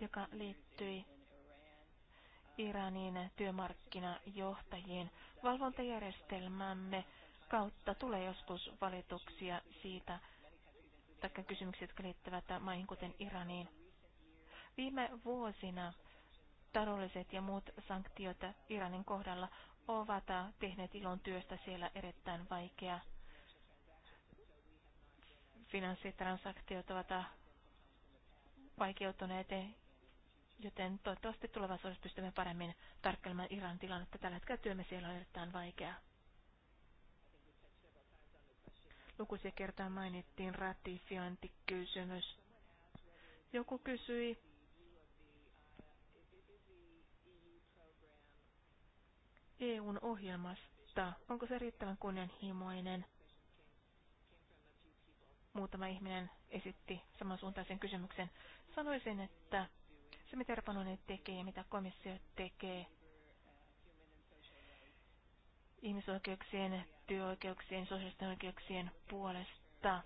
joka liittyi Iranin työmarkkinajohtajiin. Valvontajärjestelmämme kautta tulee joskus valituksia siitä, tai kysymyksiä, jotka liittyvät maihin kuten Iraniin. Viime vuosina taloudelliset ja muut sanktiot Iranin kohdalla ovat äh, tehneet ilon työstä siellä erittäin vaikeaa. Finanssitransaktiot ovat äh, vaikeutuneet, joten toivottavasti tulevaisuudessa pystymme paremmin tarkkailemaan Iranin tilannetta. Tällä hetkellä työmme siellä on erittäin vaikeaa. Lukuisia kertaa mainittiin ratifiointikysymys. Joku kysyi, EUn ohjelmasta? Onko se riittävän kunnianhimoinen? Muutama ihminen esitti samansuuntaisen kysymyksen. Sanoisin, että se mitä Erpanonen tekee ja mitä komissio tekee ihmisoikeuksien, työoikeuksien, sosiaalisten oikeuksien puolesta.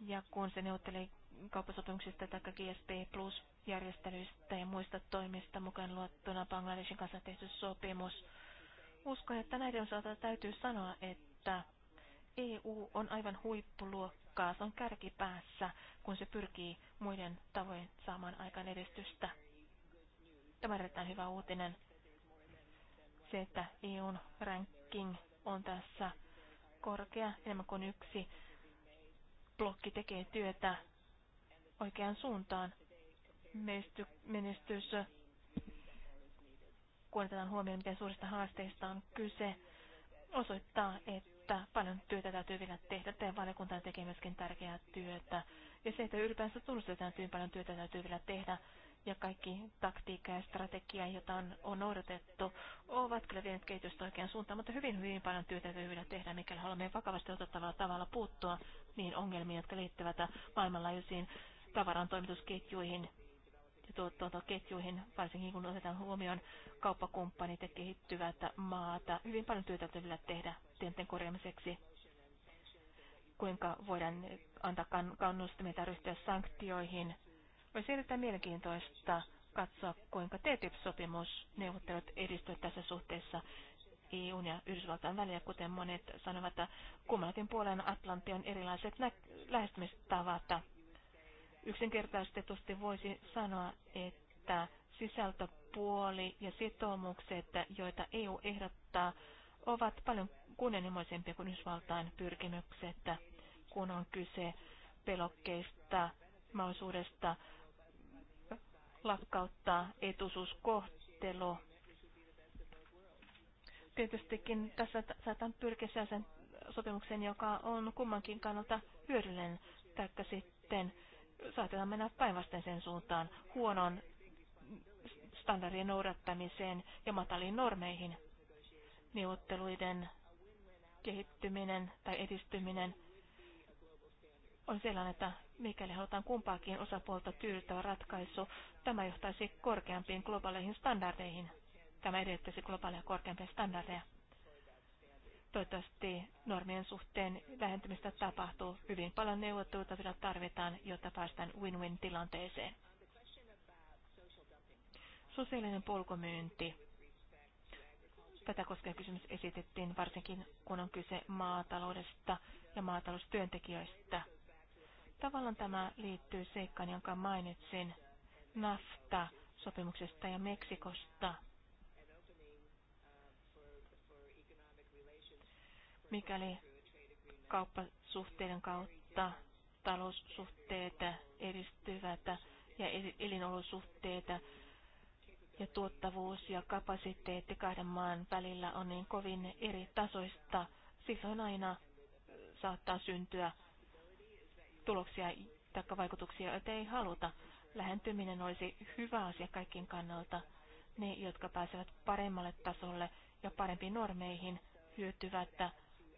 Ja kun se neuvottelee kauppasopimuksista tai GSP Plus järjestelyistä ja muista toimista mukaan luottuna Bangladeshin kanssa tehty sopimus. Uskon, että näiden osalta täytyy sanoa, että EU on aivan huippuluokkaa, se on kärkipäässä, kun se pyrkii muiden tavoin saamaan aikaan edistystä. Tämä on erittäin hyvä uutinen. Se, että EUn ranking on tässä korkea, enemmän kuin yksi blokki tekee työtä oikeaan suuntaan. Menesty, menestys, äh, kun otetaan huomioon, miten suurista haasteista on kyse, osoittaa, että paljon työtä täytyy vielä tehdä. Teidän valiokunta tekee myöskin tärkeää työtä. Ja se, että ylipäänsä tunnustetaan, että paljon työtä täytyy vielä tehdä. Ja kaikki taktiikka ja strategia, jota on, on odotettu, ovat kyllä vieneet kehitystä oikeaan suuntaan, mutta hyvin, hyvin paljon työtä täytyy vielä tehdä, mikäli haluamme vakavasti otettavalla tavalla puuttua niihin ongelmiin, jotka liittyvät maailmanlaajuisiin tavaran toimitusketjuihin ja tuotantoketjuihin, varsinkin kun otetaan huomioon kauppakumppanit ja kehittyvät maata. Hyvin paljon työtä vielä tehdä tienten korjaamiseksi. Kuinka voidaan antaa kannustimia ryhtyä sanktioihin. Olisi erittäin mielenkiintoista katsoa, kuinka TTIP-sopimusneuvottelut edistyvät tässä suhteessa EUn ja Yhdysvaltain välillä, kuten monet sanovat, että kummallakin puolen Atlantti on erilaiset nä- lähestymistavat Yksinkertaistetusti voisi sanoa, että sisältöpuoli ja sitoumukset, joita EU ehdottaa, ovat paljon kunnianhimoisempia kuin Yhdysvaltain pyrkimykset, kun on kyse pelokkeista, mahdollisuudesta lakkauttaa etusuuskohtelu. Tietystikin tässä saatan pyrkiä sellaisen sopimuksen, joka on kummankin kannalta hyödyllinen, taikka sitten saatetaan mennä päinvastoin sen suuntaan huonon standardien noudattamiseen ja mataliin normeihin. Neuvotteluiden kehittyminen tai edistyminen on sellainen, että mikäli halutaan kumpaakin osapuolta tyydyttävä ratkaisu, tämä johtaisi korkeampiin globaaleihin standardeihin. Tämä edellyttäisi globaaleja korkeampia standardeja. Toivottavasti normien suhteen lähentymistä tapahtuu. Hyvin paljon neuvotteluita vielä tarvitaan, jotta päästään win-win tilanteeseen. Sosiaalinen polkomyynti. Tätä koskeva kysymys esitettiin varsinkin, kun on kyse maataloudesta ja maataloustyöntekijöistä. Tavallaan tämä liittyy seikkaan, jonka mainitsin NAFTA-sopimuksesta ja Meksikosta – mikäli kauppasuhteiden kautta taloussuhteet edistyvät ja elinolosuhteet ja tuottavuus ja kapasiteetti kahden maan välillä on niin kovin eri tasoista, silloin aina saattaa syntyä tuloksia tai vaikutuksia, joita ei haluta. Lähentyminen olisi hyvä asia kaikkien kannalta. Ne, jotka pääsevät paremmalle tasolle ja parempiin normeihin, hyötyvät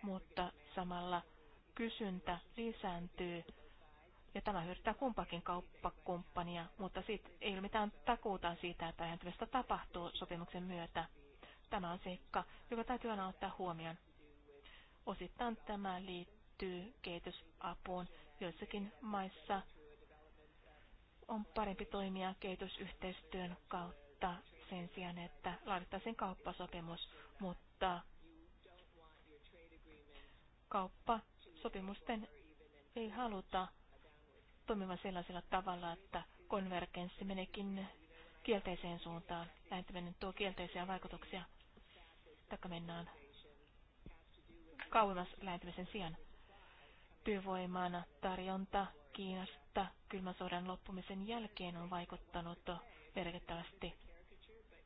mutta samalla kysyntä lisääntyy ja tämä hyödyttää kumpakin kauppakumppania, mutta siitä ei ole mitään takuuta siitä, että lähentymistä tapahtuu sopimuksen myötä. Tämä on seikka, joka täytyy aina ottaa huomioon. Osittain tämä liittyy kehitysapuun. Joissakin maissa on parempi toimia kehitysyhteistyön kautta sen sijaan, että laadittaisiin kauppasopimus, mutta kauppasopimusten ei haluta toimivan sellaisella tavalla, että konvergenssi menekin kielteiseen suuntaan. Lähentäminen tuo kielteisiä vaikutuksia, taikka mennään kauemmas lähentämisen sijaan. Työvoiman tarjonta Kiinasta kylmän sodan loppumisen jälkeen on vaikuttanut merkittävästi.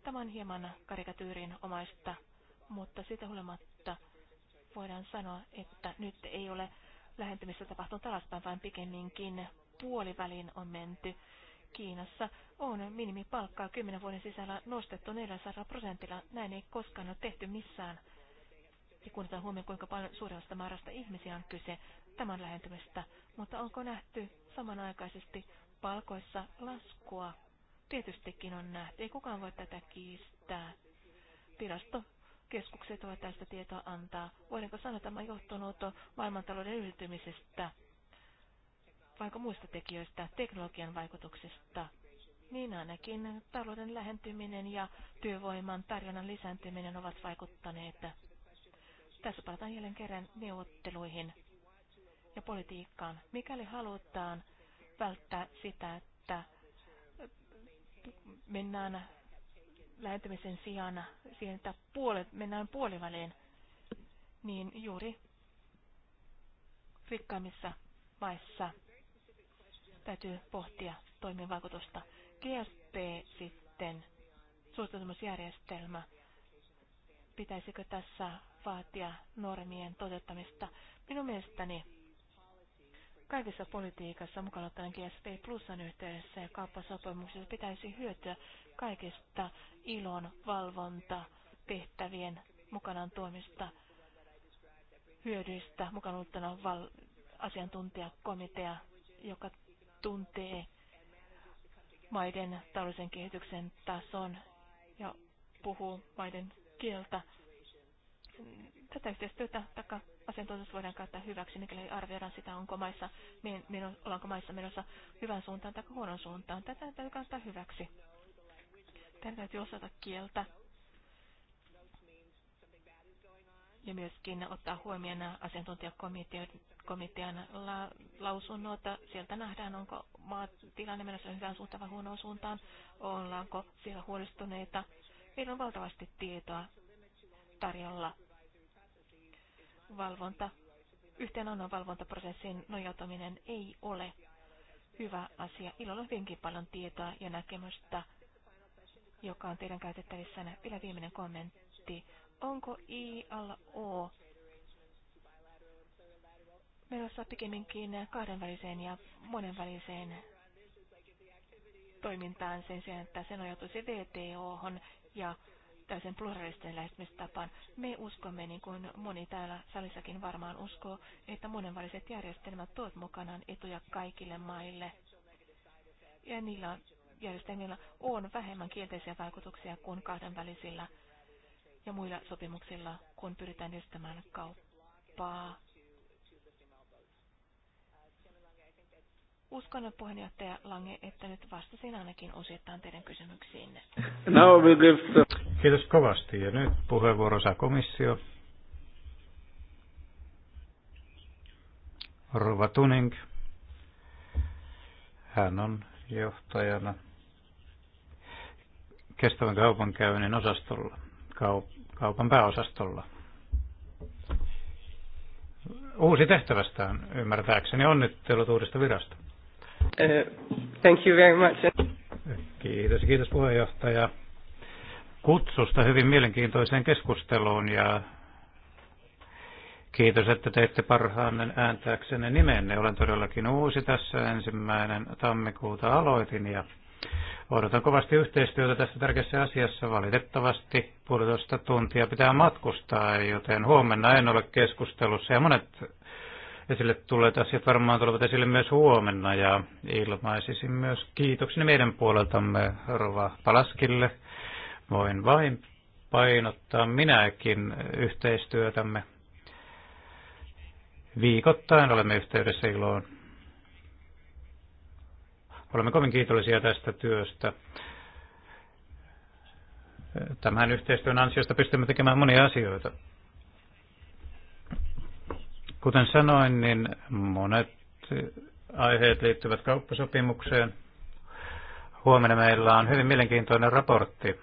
Tämä on hieman karikatyyrin omaista, mutta siitä huolimatta voidaan sanoa, että nyt ei ole lähentymistä tapahtunut alaspäin, vaan pikemminkin puoliväliin on menty. Kiinassa on minimipalkkaa 10 vuoden sisällä nostettu 400 prosentilla. Näin ei koskaan ole tehty missään. Ja kun otetaan huomioon, kuinka paljon suuresta määrästä ihmisiä on kyse tämän lähentymistä, mutta onko nähty samanaikaisesti palkoissa laskua? Tietystikin on nähty. Ei kukaan voi tätä kiistää. Tilasto keskukset ovat tästä tietoa antaa. Voidaanko sanoa, että tämä johtunut maailmantalouden yhdistymisestä, vaikka muista tekijöistä, teknologian vaikutuksesta? Niin ainakin talouden lähentyminen ja työvoiman tarjonnan lisääntyminen ovat vaikuttaneet. Tässä palataan jälleen kerran neuvotteluihin ja politiikkaan. Mikäli halutaan välttää sitä, että mennään lähentymisen sijaan siihen, että puolet, mennään puoliväliin, niin juuri rikkaimmissa maissa täytyy pohtia toimien vaikutusta. GSP sitten, suostautumusjärjestelmä, pitäisikö tässä vaatia normien toteuttamista? Minun mielestäni Kaikessa politiikassa, mukana ottaen GSP Plusan yhteydessä ja kauppasopimuksessa, pitäisi hyötyä kaikista ilon valvonta tehtävien mukanaan tuomista hyödyistä, Mukana uutena val- asiantuntijakomitea, joka tuntee maiden taloudellisen kehityksen tason ja puhuu maiden kieltä. Tätä yhteistyötä takaa asiantuntemus voidaan käyttää hyväksi, mikäli arvioidaan sitä, onko maissa, meno, ollaanko maissa menossa hyvän suuntaan tai huonon suuntaan. Tätä täytyy käyttää hyväksi. Tätä täytyy osata kieltä. Ja myöskin ottaa huomioon asiantuntijakomitean la, lausunnot. Sieltä nähdään, onko maa, tilanne menossa hyvään suuntaan vai huonoon suuntaan. Ollaanko siellä huolestuneita. Meillä on valtavasti tietoa tarjolla valvonta, yhteenannon valvontaprosessin nojautuminen ei ole hyvä asia. Ilolla on hyvinkin paljon tietoa ja näkemystä, joka on teidän käytettävissänne. Vielä viimeinen kommentti. Onko ILO menossa pikemminkin kahdenväliseen ja monenväliseen toimintaan sen sijaan, että se nojautuisi VTO-hon ja täysin pluralistinen lähestymistapaan. Me uskomme, niin kuin moni täällä salissakin varmaan uskoo, että monenväliset järjestelmät tuot mukanaan etuja kaikille maille. Ja niillä järjestelmillä on vähemmän kielteisiä vaikutuksia kuin kahdenvälisillä ja muilla sopimuksilla, kun pyritään estämään kauppaa. Uskon, puheenjohtaja Lange, että nyt vastasin ainakin osittain teidän kysymyksiinne. Now we give the... Kiitos kovasti. Ja nyt puheenvuoro saa komissio. Rova Tuning. Hän on johtajana kestävän kaupankäynnin osastolla, kaupan pääosastolla. Uusi tehtävästään ymmärtääkseni. Onnittelut uudesta virasta. Uh, thank you very much. Kiitos, kiitos puheenjohtaja kutsusta hyvin mielenkiintoiseen keskusteluun ja kiitos, että teitte parhaan ääntääksenne nimenne. Olen todellakin uusi tässä. Ensimmäinen tammikuuta aloitin ja odotan kovasti yhteistyötä tässä tärkeässä asiassa. Valitettavasti puolitoista tuntia pitää matkustaa, joten huomenna en ole keskustelussa ja monet esille tulleet asiat varmaan tulevat esille myös huomenna ja ilmaisisin myös kiitokseni meidän puoleltamme Rova Palaskille Voin vain painottaa minäkin yhteistyötämme. Viikoittain olemme yhteydessä iloon. Olemme kovin kiitollisia tästä työstä. Tämän yhteistyön ansiosta pystymme tekemään monia asioita. Kuten sanoin, niin monet aiheet liittyvät kauppasopimukseen. Huomenna meillä on hyvin mielenkiintoinen raportti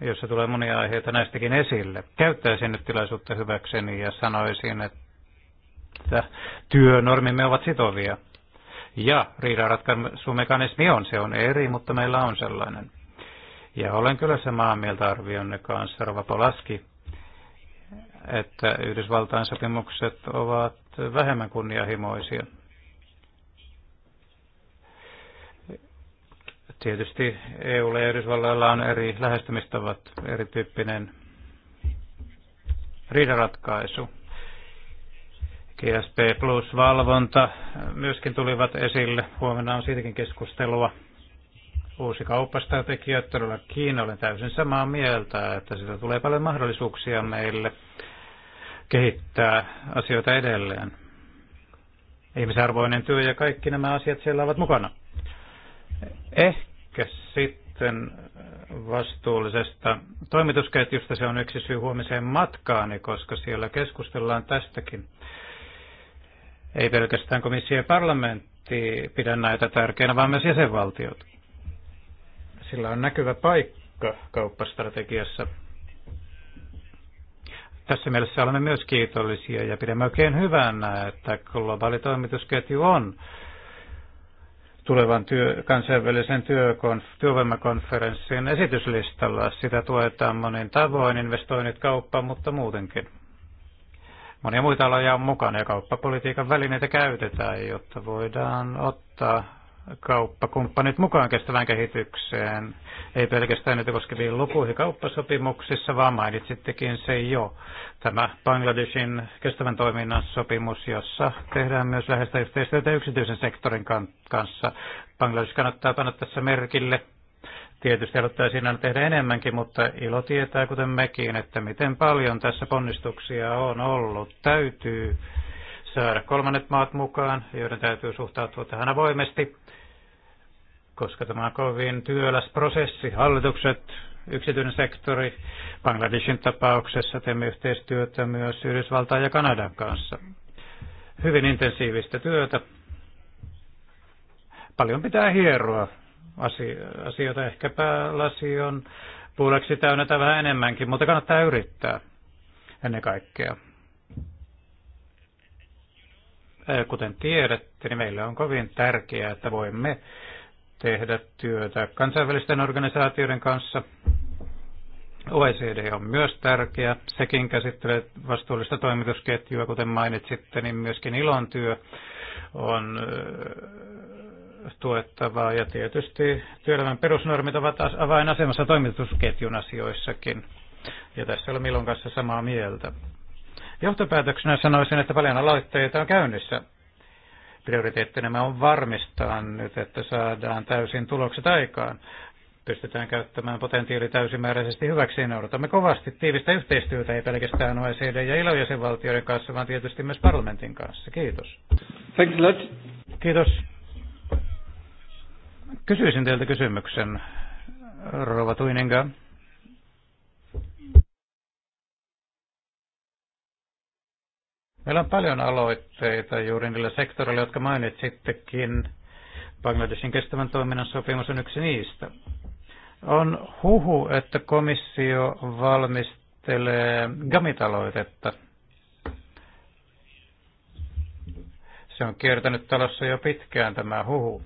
jossa tulee monia aiheita näistäkin esille. Käyttäisin nyt tilaisuutta hyväkseni ja sanoisin, että työnormimme ovat sitovia. Ja riidanratkaisumekanismi on, se on eri, mutta meillä on sellainen. Ja olen kyllä samaa mieltä arvionne kanssa, Rova Polaski, että Yhdysvaltain sopimukset ovat vähemmän kunnianhimoisia Tietysti eu ja Yhdysvalloilla on eri lähestymistavat, erityyppinen riidaratkaisu. GSP Plus valvonta myöskin tulivat esille. Huomenna on siitäkin keskustelua. Uusi kauppastrategia, todella Kiina, olen täysin samaa mieltä, että sitä tulee paljon mahdollisuuksia meille kehittää asioita edelleen. Ihmisarvoinen työ ja kaikki nämä asiat siellä ovat mukana. Ehkä sitten vastuullisesta toimitusketjusta se on yksi syy huomiseen matkaani, koska siellä keskustellaan tästäkin. Ei pelkästään komissio ja parlamentti pidä näitä tärkeänä, vaan myös jäsenvaltiot. Sillä on näkyvä paikka kauppastrategiassa. Tässä mielessä olemme myös kiitollisia ja pidämme oikein hyvänä, että globaali toimitusketju on tulevan työ, kansainvälisen työkonf, työvoimakonferenssin esityslistalla. Sitä tuetaan monin tavoin, investoinnit kauppaan, mutta muutenkin. Monia muita aloja on mukana ja kauppapolitiikan välineitä käytetään, jotta voidaan ottaa kauppakumppanit mukaan kestävään kehitykseen, ei pelkästään niitä koskeviin lukuihin kauppasopimuksissa, vaan mainitsittekin se jo. Tämä Bangladeshin kestävän toiminnan sopimus, jossa tehdään myös läheistä yhteistyötä yksityisen sektorin kanssa. Bangladesh kannattaa panna tässä merkille. Tietysti aloittaa siinä tehdä enemmänkin, mutta ilo tietää, kuten mekin, että miten paljon tässä ponnistuksia on ollut. Täytyy saada kolmannet maat mukaan, joiden täytyy suhtautua tähän avoimesti koska tämä on kovin työläs prosessi. Hallitukset, yksityinen sektori, Bangladeshin tapauksessa teemme yhteistyötä myös Yhdysvaltain ja Kanadan kanssa. Hyvin intensiivistä työtä. Paljon pitää hieroa asioita. Ehkäpä lasi on puoleksi täynnä tai vähän enemmänkin, mutta kannattaa yrittää ennen kaikkea. Kuten tiedätte, niin meille on kovin tärkeää, että voimme tehdä työtä kansainvälisten organisaatioiden kanssa. OECD on myös tärkeä. Sekin käsittelee vastuullista toimitusketjua, kuten mainitsitte, niin myöskin ilon työ on äh, tuettavaa. Ja tietysti työelämän perusnormit ovat avainasemassa toimitusketjun asioissakin. Ja tässä olemme ilon kanssa samaa mieltä. Johtopäätöksenä sanoisin, että paljon aloitteita on käynnissä prioriteettinemme on varmistaa nyt, että saadaan täysin tulokset aikaan. Pystytään käyttämään potentiaali täysimääräisesti hyväksi ja noudatamme kovasti tiivistä yhteistyötä, ei pelkästään OECD ja ilojäsenvaltioiden kanssa, vaan tietysti myös parlamentin kanssa. Kiitos. Thanks a lot. Kiitos. Kysyisin teiltä kysymyksen, Rova Tuininga. Meillä on paljon aloitteita juuri niillä sektoreilla, jotka mainitsittekin. Bangladesin kestävän toiminnan sopimus on yksi niistä. On huhu, että komissio valmistelee gamitaloitetta. Se on kiertänyt talossa jo pitkään tämä huhu.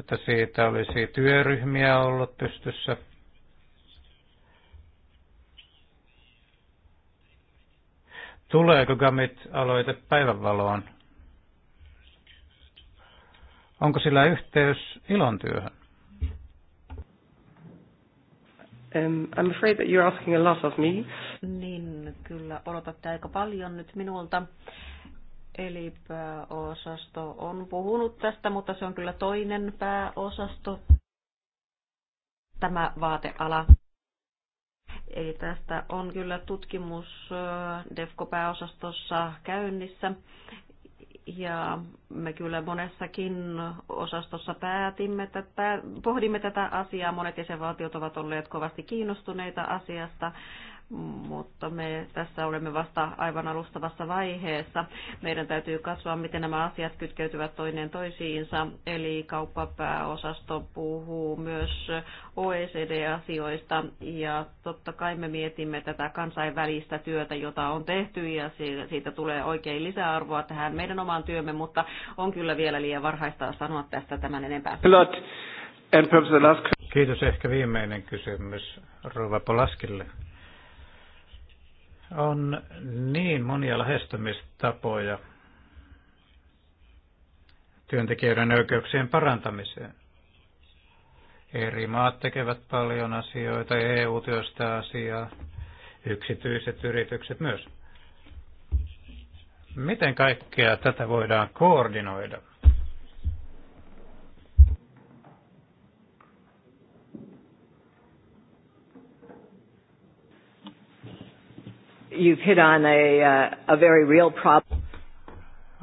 Että siitä olisi työryhmiä ollut pystyssä – Tuleeko Gamit-aloite päivänvaloon? Onko sillä yhteys ilon työhön? Um, I'm afraid that you're asking a lot of me. Niin, kyllä odotatte aika paljon nyt minulta. Eli pääosasto on puhunut tästä, mutta se on kyllä toinen pääosasto. Tämä vaateala Eli tästä on kyllä tutkimus DEFCO-pääosastossa käynnissä. Ja me kyllä monessakin osastossa päätimme, että pohdimme tätä asiaa. Monet jäsenvaltiot ovat olleet kovasti kiinnostuneita asiasta mutta me tässä olemme vasta aivan alustavassa vaiheessa. Meidän täytyy katsoa, miten nämä asiat kytkeytyvät toinen toisiinsa. Eli kauppapääosasto puhuu myös OECD-asioista ja totta kai me mietimme tätä kansainvälistä työtä, jota on tehty ja siitä tulee oikein lisäarvoa tähän meidän omaan työmme, mutta on kyllä vielä liian varhaista sanoa tästä tämän enempää. Kiitos. Ehkä viimeinen kysymys Rova Polaskille. On niin monia lähestymistapoja työntekijöiden oikeuksien parantamiseen. Eri maat tekevät paljon asioita, EU työstää asiaa, yksityiset yritykset myös. Miten kaikkea tätä voidaan koordinoida? you've hit on a, uh, a very real problem.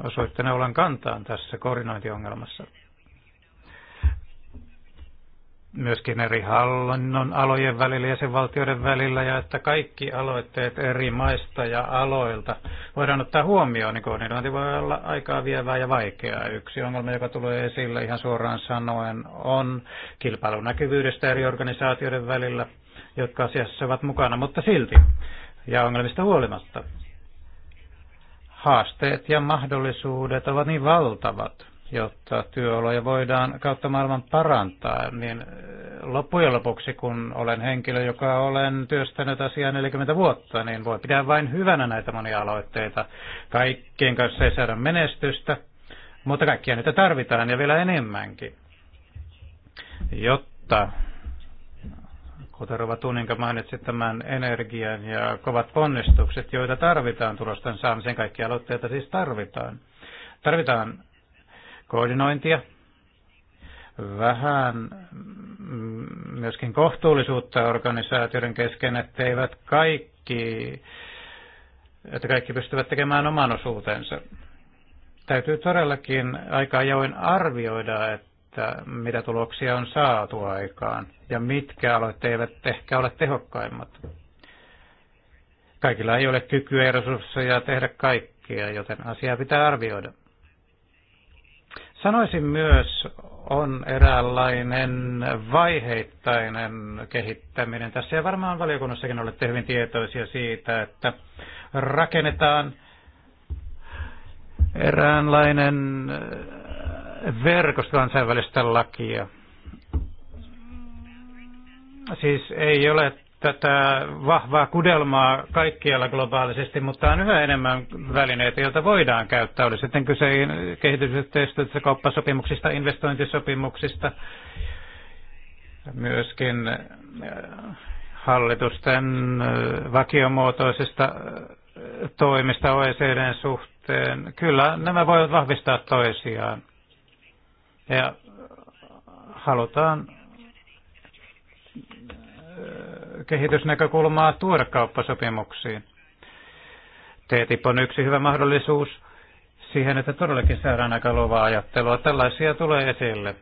Osoitte neulan kantaan tässä koordinointiongelmassa. Myöskin eri hallinnon alojen välillä ja sen valtioiden välillä ja että kaikki aloitteet eri maista ja aloilta voidaan ottaa huomioon, niin koordinointi voi olla aikaa vievää ja vaikeaa. Yksi ongelma, joka tulee esille ihan suoraan sanoen, on kilpailunäkyvyydestä eri organisaatioiden välillä jotka asiassa ovat mukana, mutta silti ja ongelmista huolimatta. Haasteet ja mahdollisuudet ovat niin valtavat, jotta työoloja voidaan kautta maailman parantaa, niin äh, loppujen lopuksi, kun olen henkilö, joka olen työstänyt asiaa 40 vuotta, niin voi pitää vain hyvänä näitä monia aloitteita. Kaikkien kanssa ei saada menestystä, mutta kaikkia niitä tarvitaan ja vielä enemmänkin, jotta kuten Rova Tuninka mainitsi, tämän energian ja kovat ponnistukset, joita tarvitaan tulosten saamisen, kaikki aloitteita siis tarvitaan. Tarvitaan koordinointia, vähän mm, myöskin kohtuullisuutta organisaatioiden kesken, etteivät kaikki, että kaikki pystyvät tekemään oman osuutensa. Täytyy todellakin aika ajoin arvioida, että että mitä tuloksia on saatu aikaan ja mitkä aloitteet eivät ehkä ole tehokkaimmat. Kaikilla ei ole kykyä ja resursseja tehdä kaikkia, joten asiaa pitää arvioida. Sanoisin myös, on eräänlainen vaiheittainen kehittäminen. Tässä ja varmaan valiokunnassakin olette hyvin tietoisia siitä, että rakennetaan eräänlainen verkosta kansainvälistä lakia. Siis ei ole tätä vahvaa kudelmaa kaikkialla globaalisesti, mutta on yhä enemmän välineitä, joita voidaan käyttää. Oli sitten kyse kehitysyhteistyöstä, kauppasopimuksista, investointisopimuksista, myöskin äh, hallitusten äh, vakiomuotoisista äh, toimista OECDn suhteen. Kyllä nämä voivat vahvistaa toisiaan. Ja halutaan äh, kehitysnäkökulmaa tuoda kauppasopimuksiin. TTIP on yksi hyvä mahdollisuus siihen, että todellakin saadaan aika luovaa ajattelua. Tällaisia tulee esille.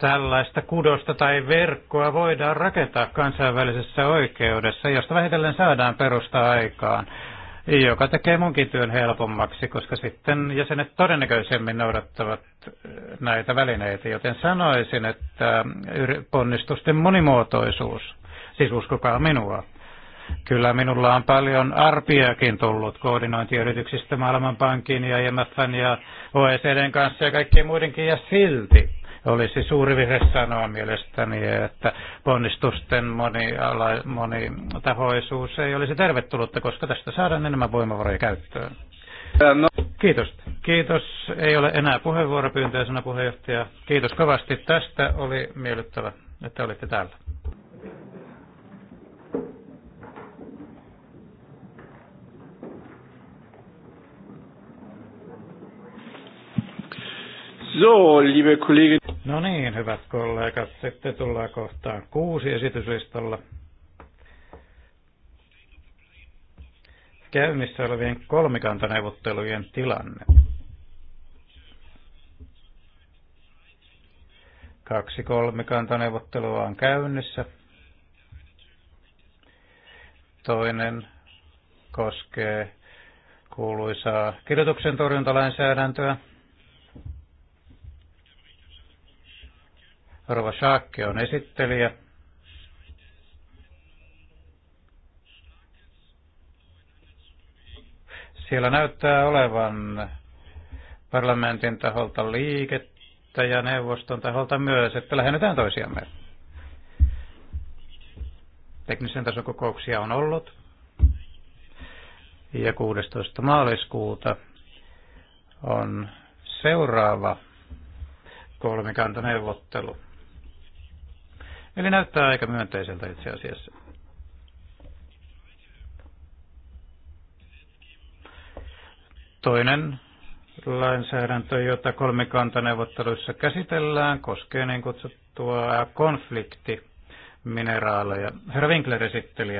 Tällaista kudosta tai verkkoa voidaan rakentaa kansainvälisessä oikeudessa, josta vähitellen saadaan perusta aikaan joka tekee munkin työn helpommaksi, koska sitten jäsenet todennäköisemmin noudattavat eh, näitä välineitä, joten sanoisin, että eh, ponnistusten monimuotoisuus, siis uskokaa minua, Kyllä minulla on paljon arpiakin tullut koordinointiyrityksistä Maailmanpankin ja IMFn ja OECDn kanssa ja kaikkien muidenkin ja silti olisi suuri virhe sanoa mielestäni, että ponnistusten monitahoisuus moni ei olisi tervetullutta, koska tästä saadaan enemmän voimavaroja käyttöön. No. Kiitos. Kiitos. Ei ole enää puheenvuoropyyntöä, sana puheenjohtaja. Kiitos kovasti tästä. Oli miellyttävä, että olitte täällä. So, liebe Kollegen. No niin, hyvät kollegat, sitten tullaan kohtaan kuusi esityslistalla. Käynnissä olevien kolmikantaneuvottelujen tilanne. Kaksi kolmikantaneuvottelua on käynnissä. Toinen koskee kuuluisaa kirjoituksen torjuntalainsäädäntöä, Rova Saakke on esittelijä. Siellä näyttää olevan parlamentin taholta liikettä ja neuvoston taholta myös, että lähennetään toisiamme. Teknisen tason kokouksia on ollut. Ja 16. maaliskuuta on seuraava kolmikantaneuvottelu. Eli näyttää aika myönteiseltä itse asiassa. Toinen lainsäädäntö, jota kolmikantaneuvotteluissa käsitellään, koskee niin kutsuttua konfliktimineraaleja. Herra Winkler esitteli.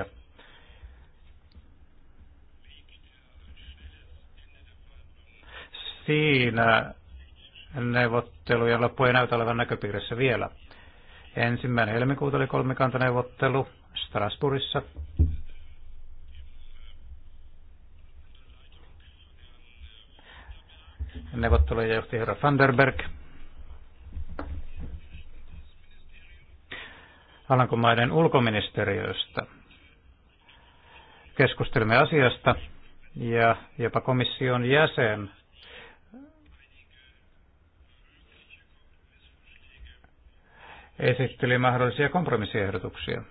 Siinä neuvotteluja loppu ei näytä olevan näköpiirissä vielä. Ensimmäinen helmikuuta oli kolmikantaneuvottelu Strasbourgissa. Neuvotteluja johti herra Vanderberg. Alankomaiden ulkoministeriöstä. Keskustelimme asiasta ja jopa komission jäsen esitteli mahdollisia kompromissiehdotuksia.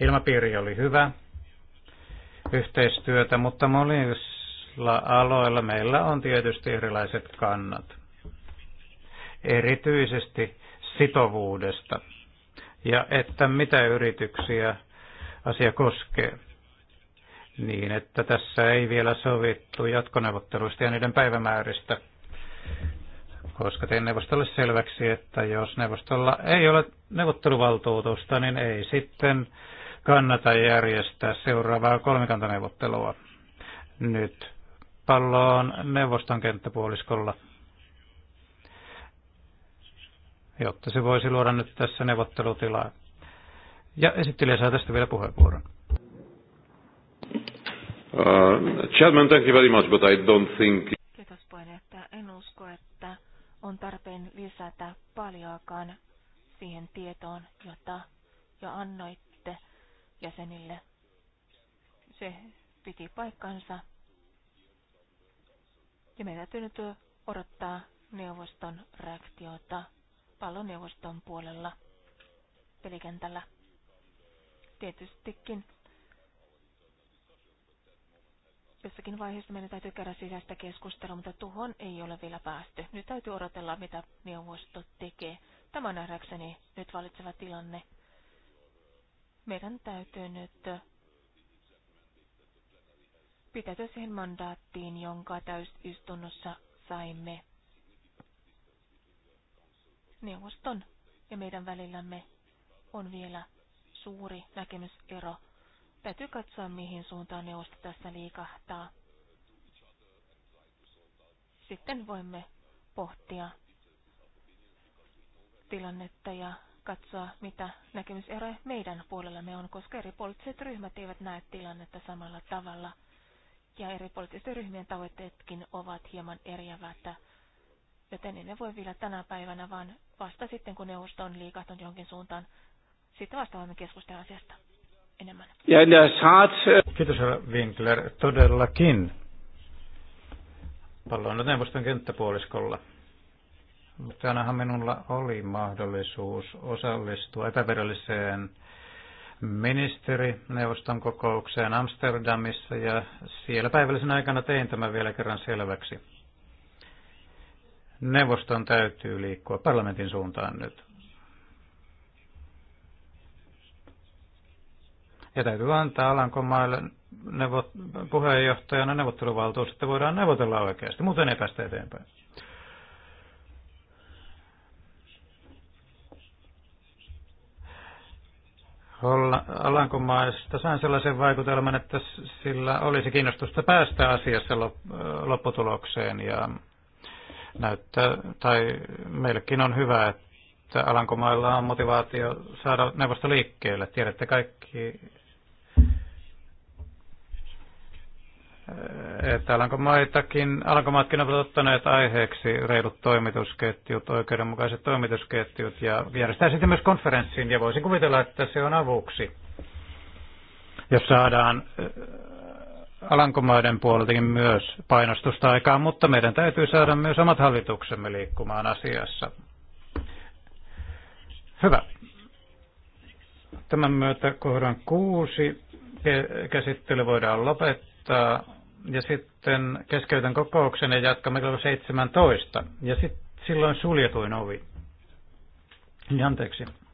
Ilmapiiri oli hyvä, yhteistyötä, mutta monilla aloilla meillä on tietysti erilaiset kannat. Erityisesti sitovuudesta ja että mitä yrityksiä asia koskee. Niin, että tässä ei vielä sovittu jatkoneuvotteluista ja niiden päivämääristä – koska tein neuvostolle selväksi, että jos neuvostolla ei ole neuvotteluvaltuutusta, niin ei sitten kannata järjestää seuraavaa kolmikantaneuvottelua. Nyt pallo on neuvoston kenttäpuoliskolla, jotta se voisi luoda nyt tässä neuvottelutilaa. Ja esittelijä saa tästä vielä puheenvuoron. Uh, chairman, thank you very much, but I don't think... Kiitos puheenjohtaja. En usko, että on tarpeen lisätä paljoakaan siihen tietoon, jota jo annoitte jäsenille. Se piti paikkansa. Ja meidän täytyy nyt odottaa neuvoston reaktiota palloneuvoston puolella pelikentällä. Tietystikin jossakin vaiheessa meidän täytyy käydä sisäistä keskustelua, mutta tuhon ei ole vielä päästy. Nyt täytyy odotella, mitä neuvosto tekee. Tämä nähdäkseni nyt valitseva tilanne. Meidän täytyy nyt pitäytyä siihen mandaattiin, jonka täysistunnossa saimme neuvoston ja meidän välillämme on vielä suuri näkemysero Täytyy katsoa, mihin suuntaan neuvosto tässä liikahtaa. Sitten voimme pohtia tilannetta ja katsoa, mitä näkemyseroja meidän puolellamme on, koska eri poliittiset ryhmät eivät näe tilannetta samalla tavalla. Ja eri poliittisten ryhmien tavoitteetkin ovat hieman eriävät, joten ne voi vielä tänä päivänä, vaan vasta sitten, kun neuvosto on liikahtunut jonkin suuntaan, sitten vasta voimme keskustella asiasta enemmän. Ja in der Tat... Kiitos, herra Winkler. Todellakin. Pallo on neuvoston kenttäpuoliskolla. Mutta ainahan minulla oli mahdollisuus osallistua epäviralliseen ministerineuvoston kokoukseen Amsterdamissa ja siellä päivällisen aikana tein tämän vielä kerran selväksi. Neuvoston täytyy liikkua parlamentin suuntaan nyt. Ja täytyy antaa Alankomaille neuvot, puheenjohtajana neuvotteluvaltuus, että voidaan neuvotella oikeasti, muuten ei päästä eteenpäin. Alankomaista sain sellaisen vaikutelman, että sillä olisi kiinnostusta päästä asiassa lopputulokseen ja näyttää, tai meillekin on hyvä, että Alankomailla on motivaatio saada neuvosto liikkeelle. Tiedätte kaikki, että Alankomaitakin, Alankomaatkin ovat ottaneet aiheeksi reilut toimitusketjut, oikeudenmukaiset toimitusketjut ja järjestää sitten myös konferenssin ja voisin kuvitella, että se on avuksi, jos saadaan äh, Alankomaiden puoleltakin myös painostusta aikaan, mutta meidän täytyy saada myös omat hallituksemme liikkumaan asiassa. Hyvä. Tämän myötä kohdan kuusi käsittely voidaan lopettaa ja sitten keskeytän kokouksen ja jatkamme kello 17. Ja sitten silloin suljetuin ovi. Niin anteeksi.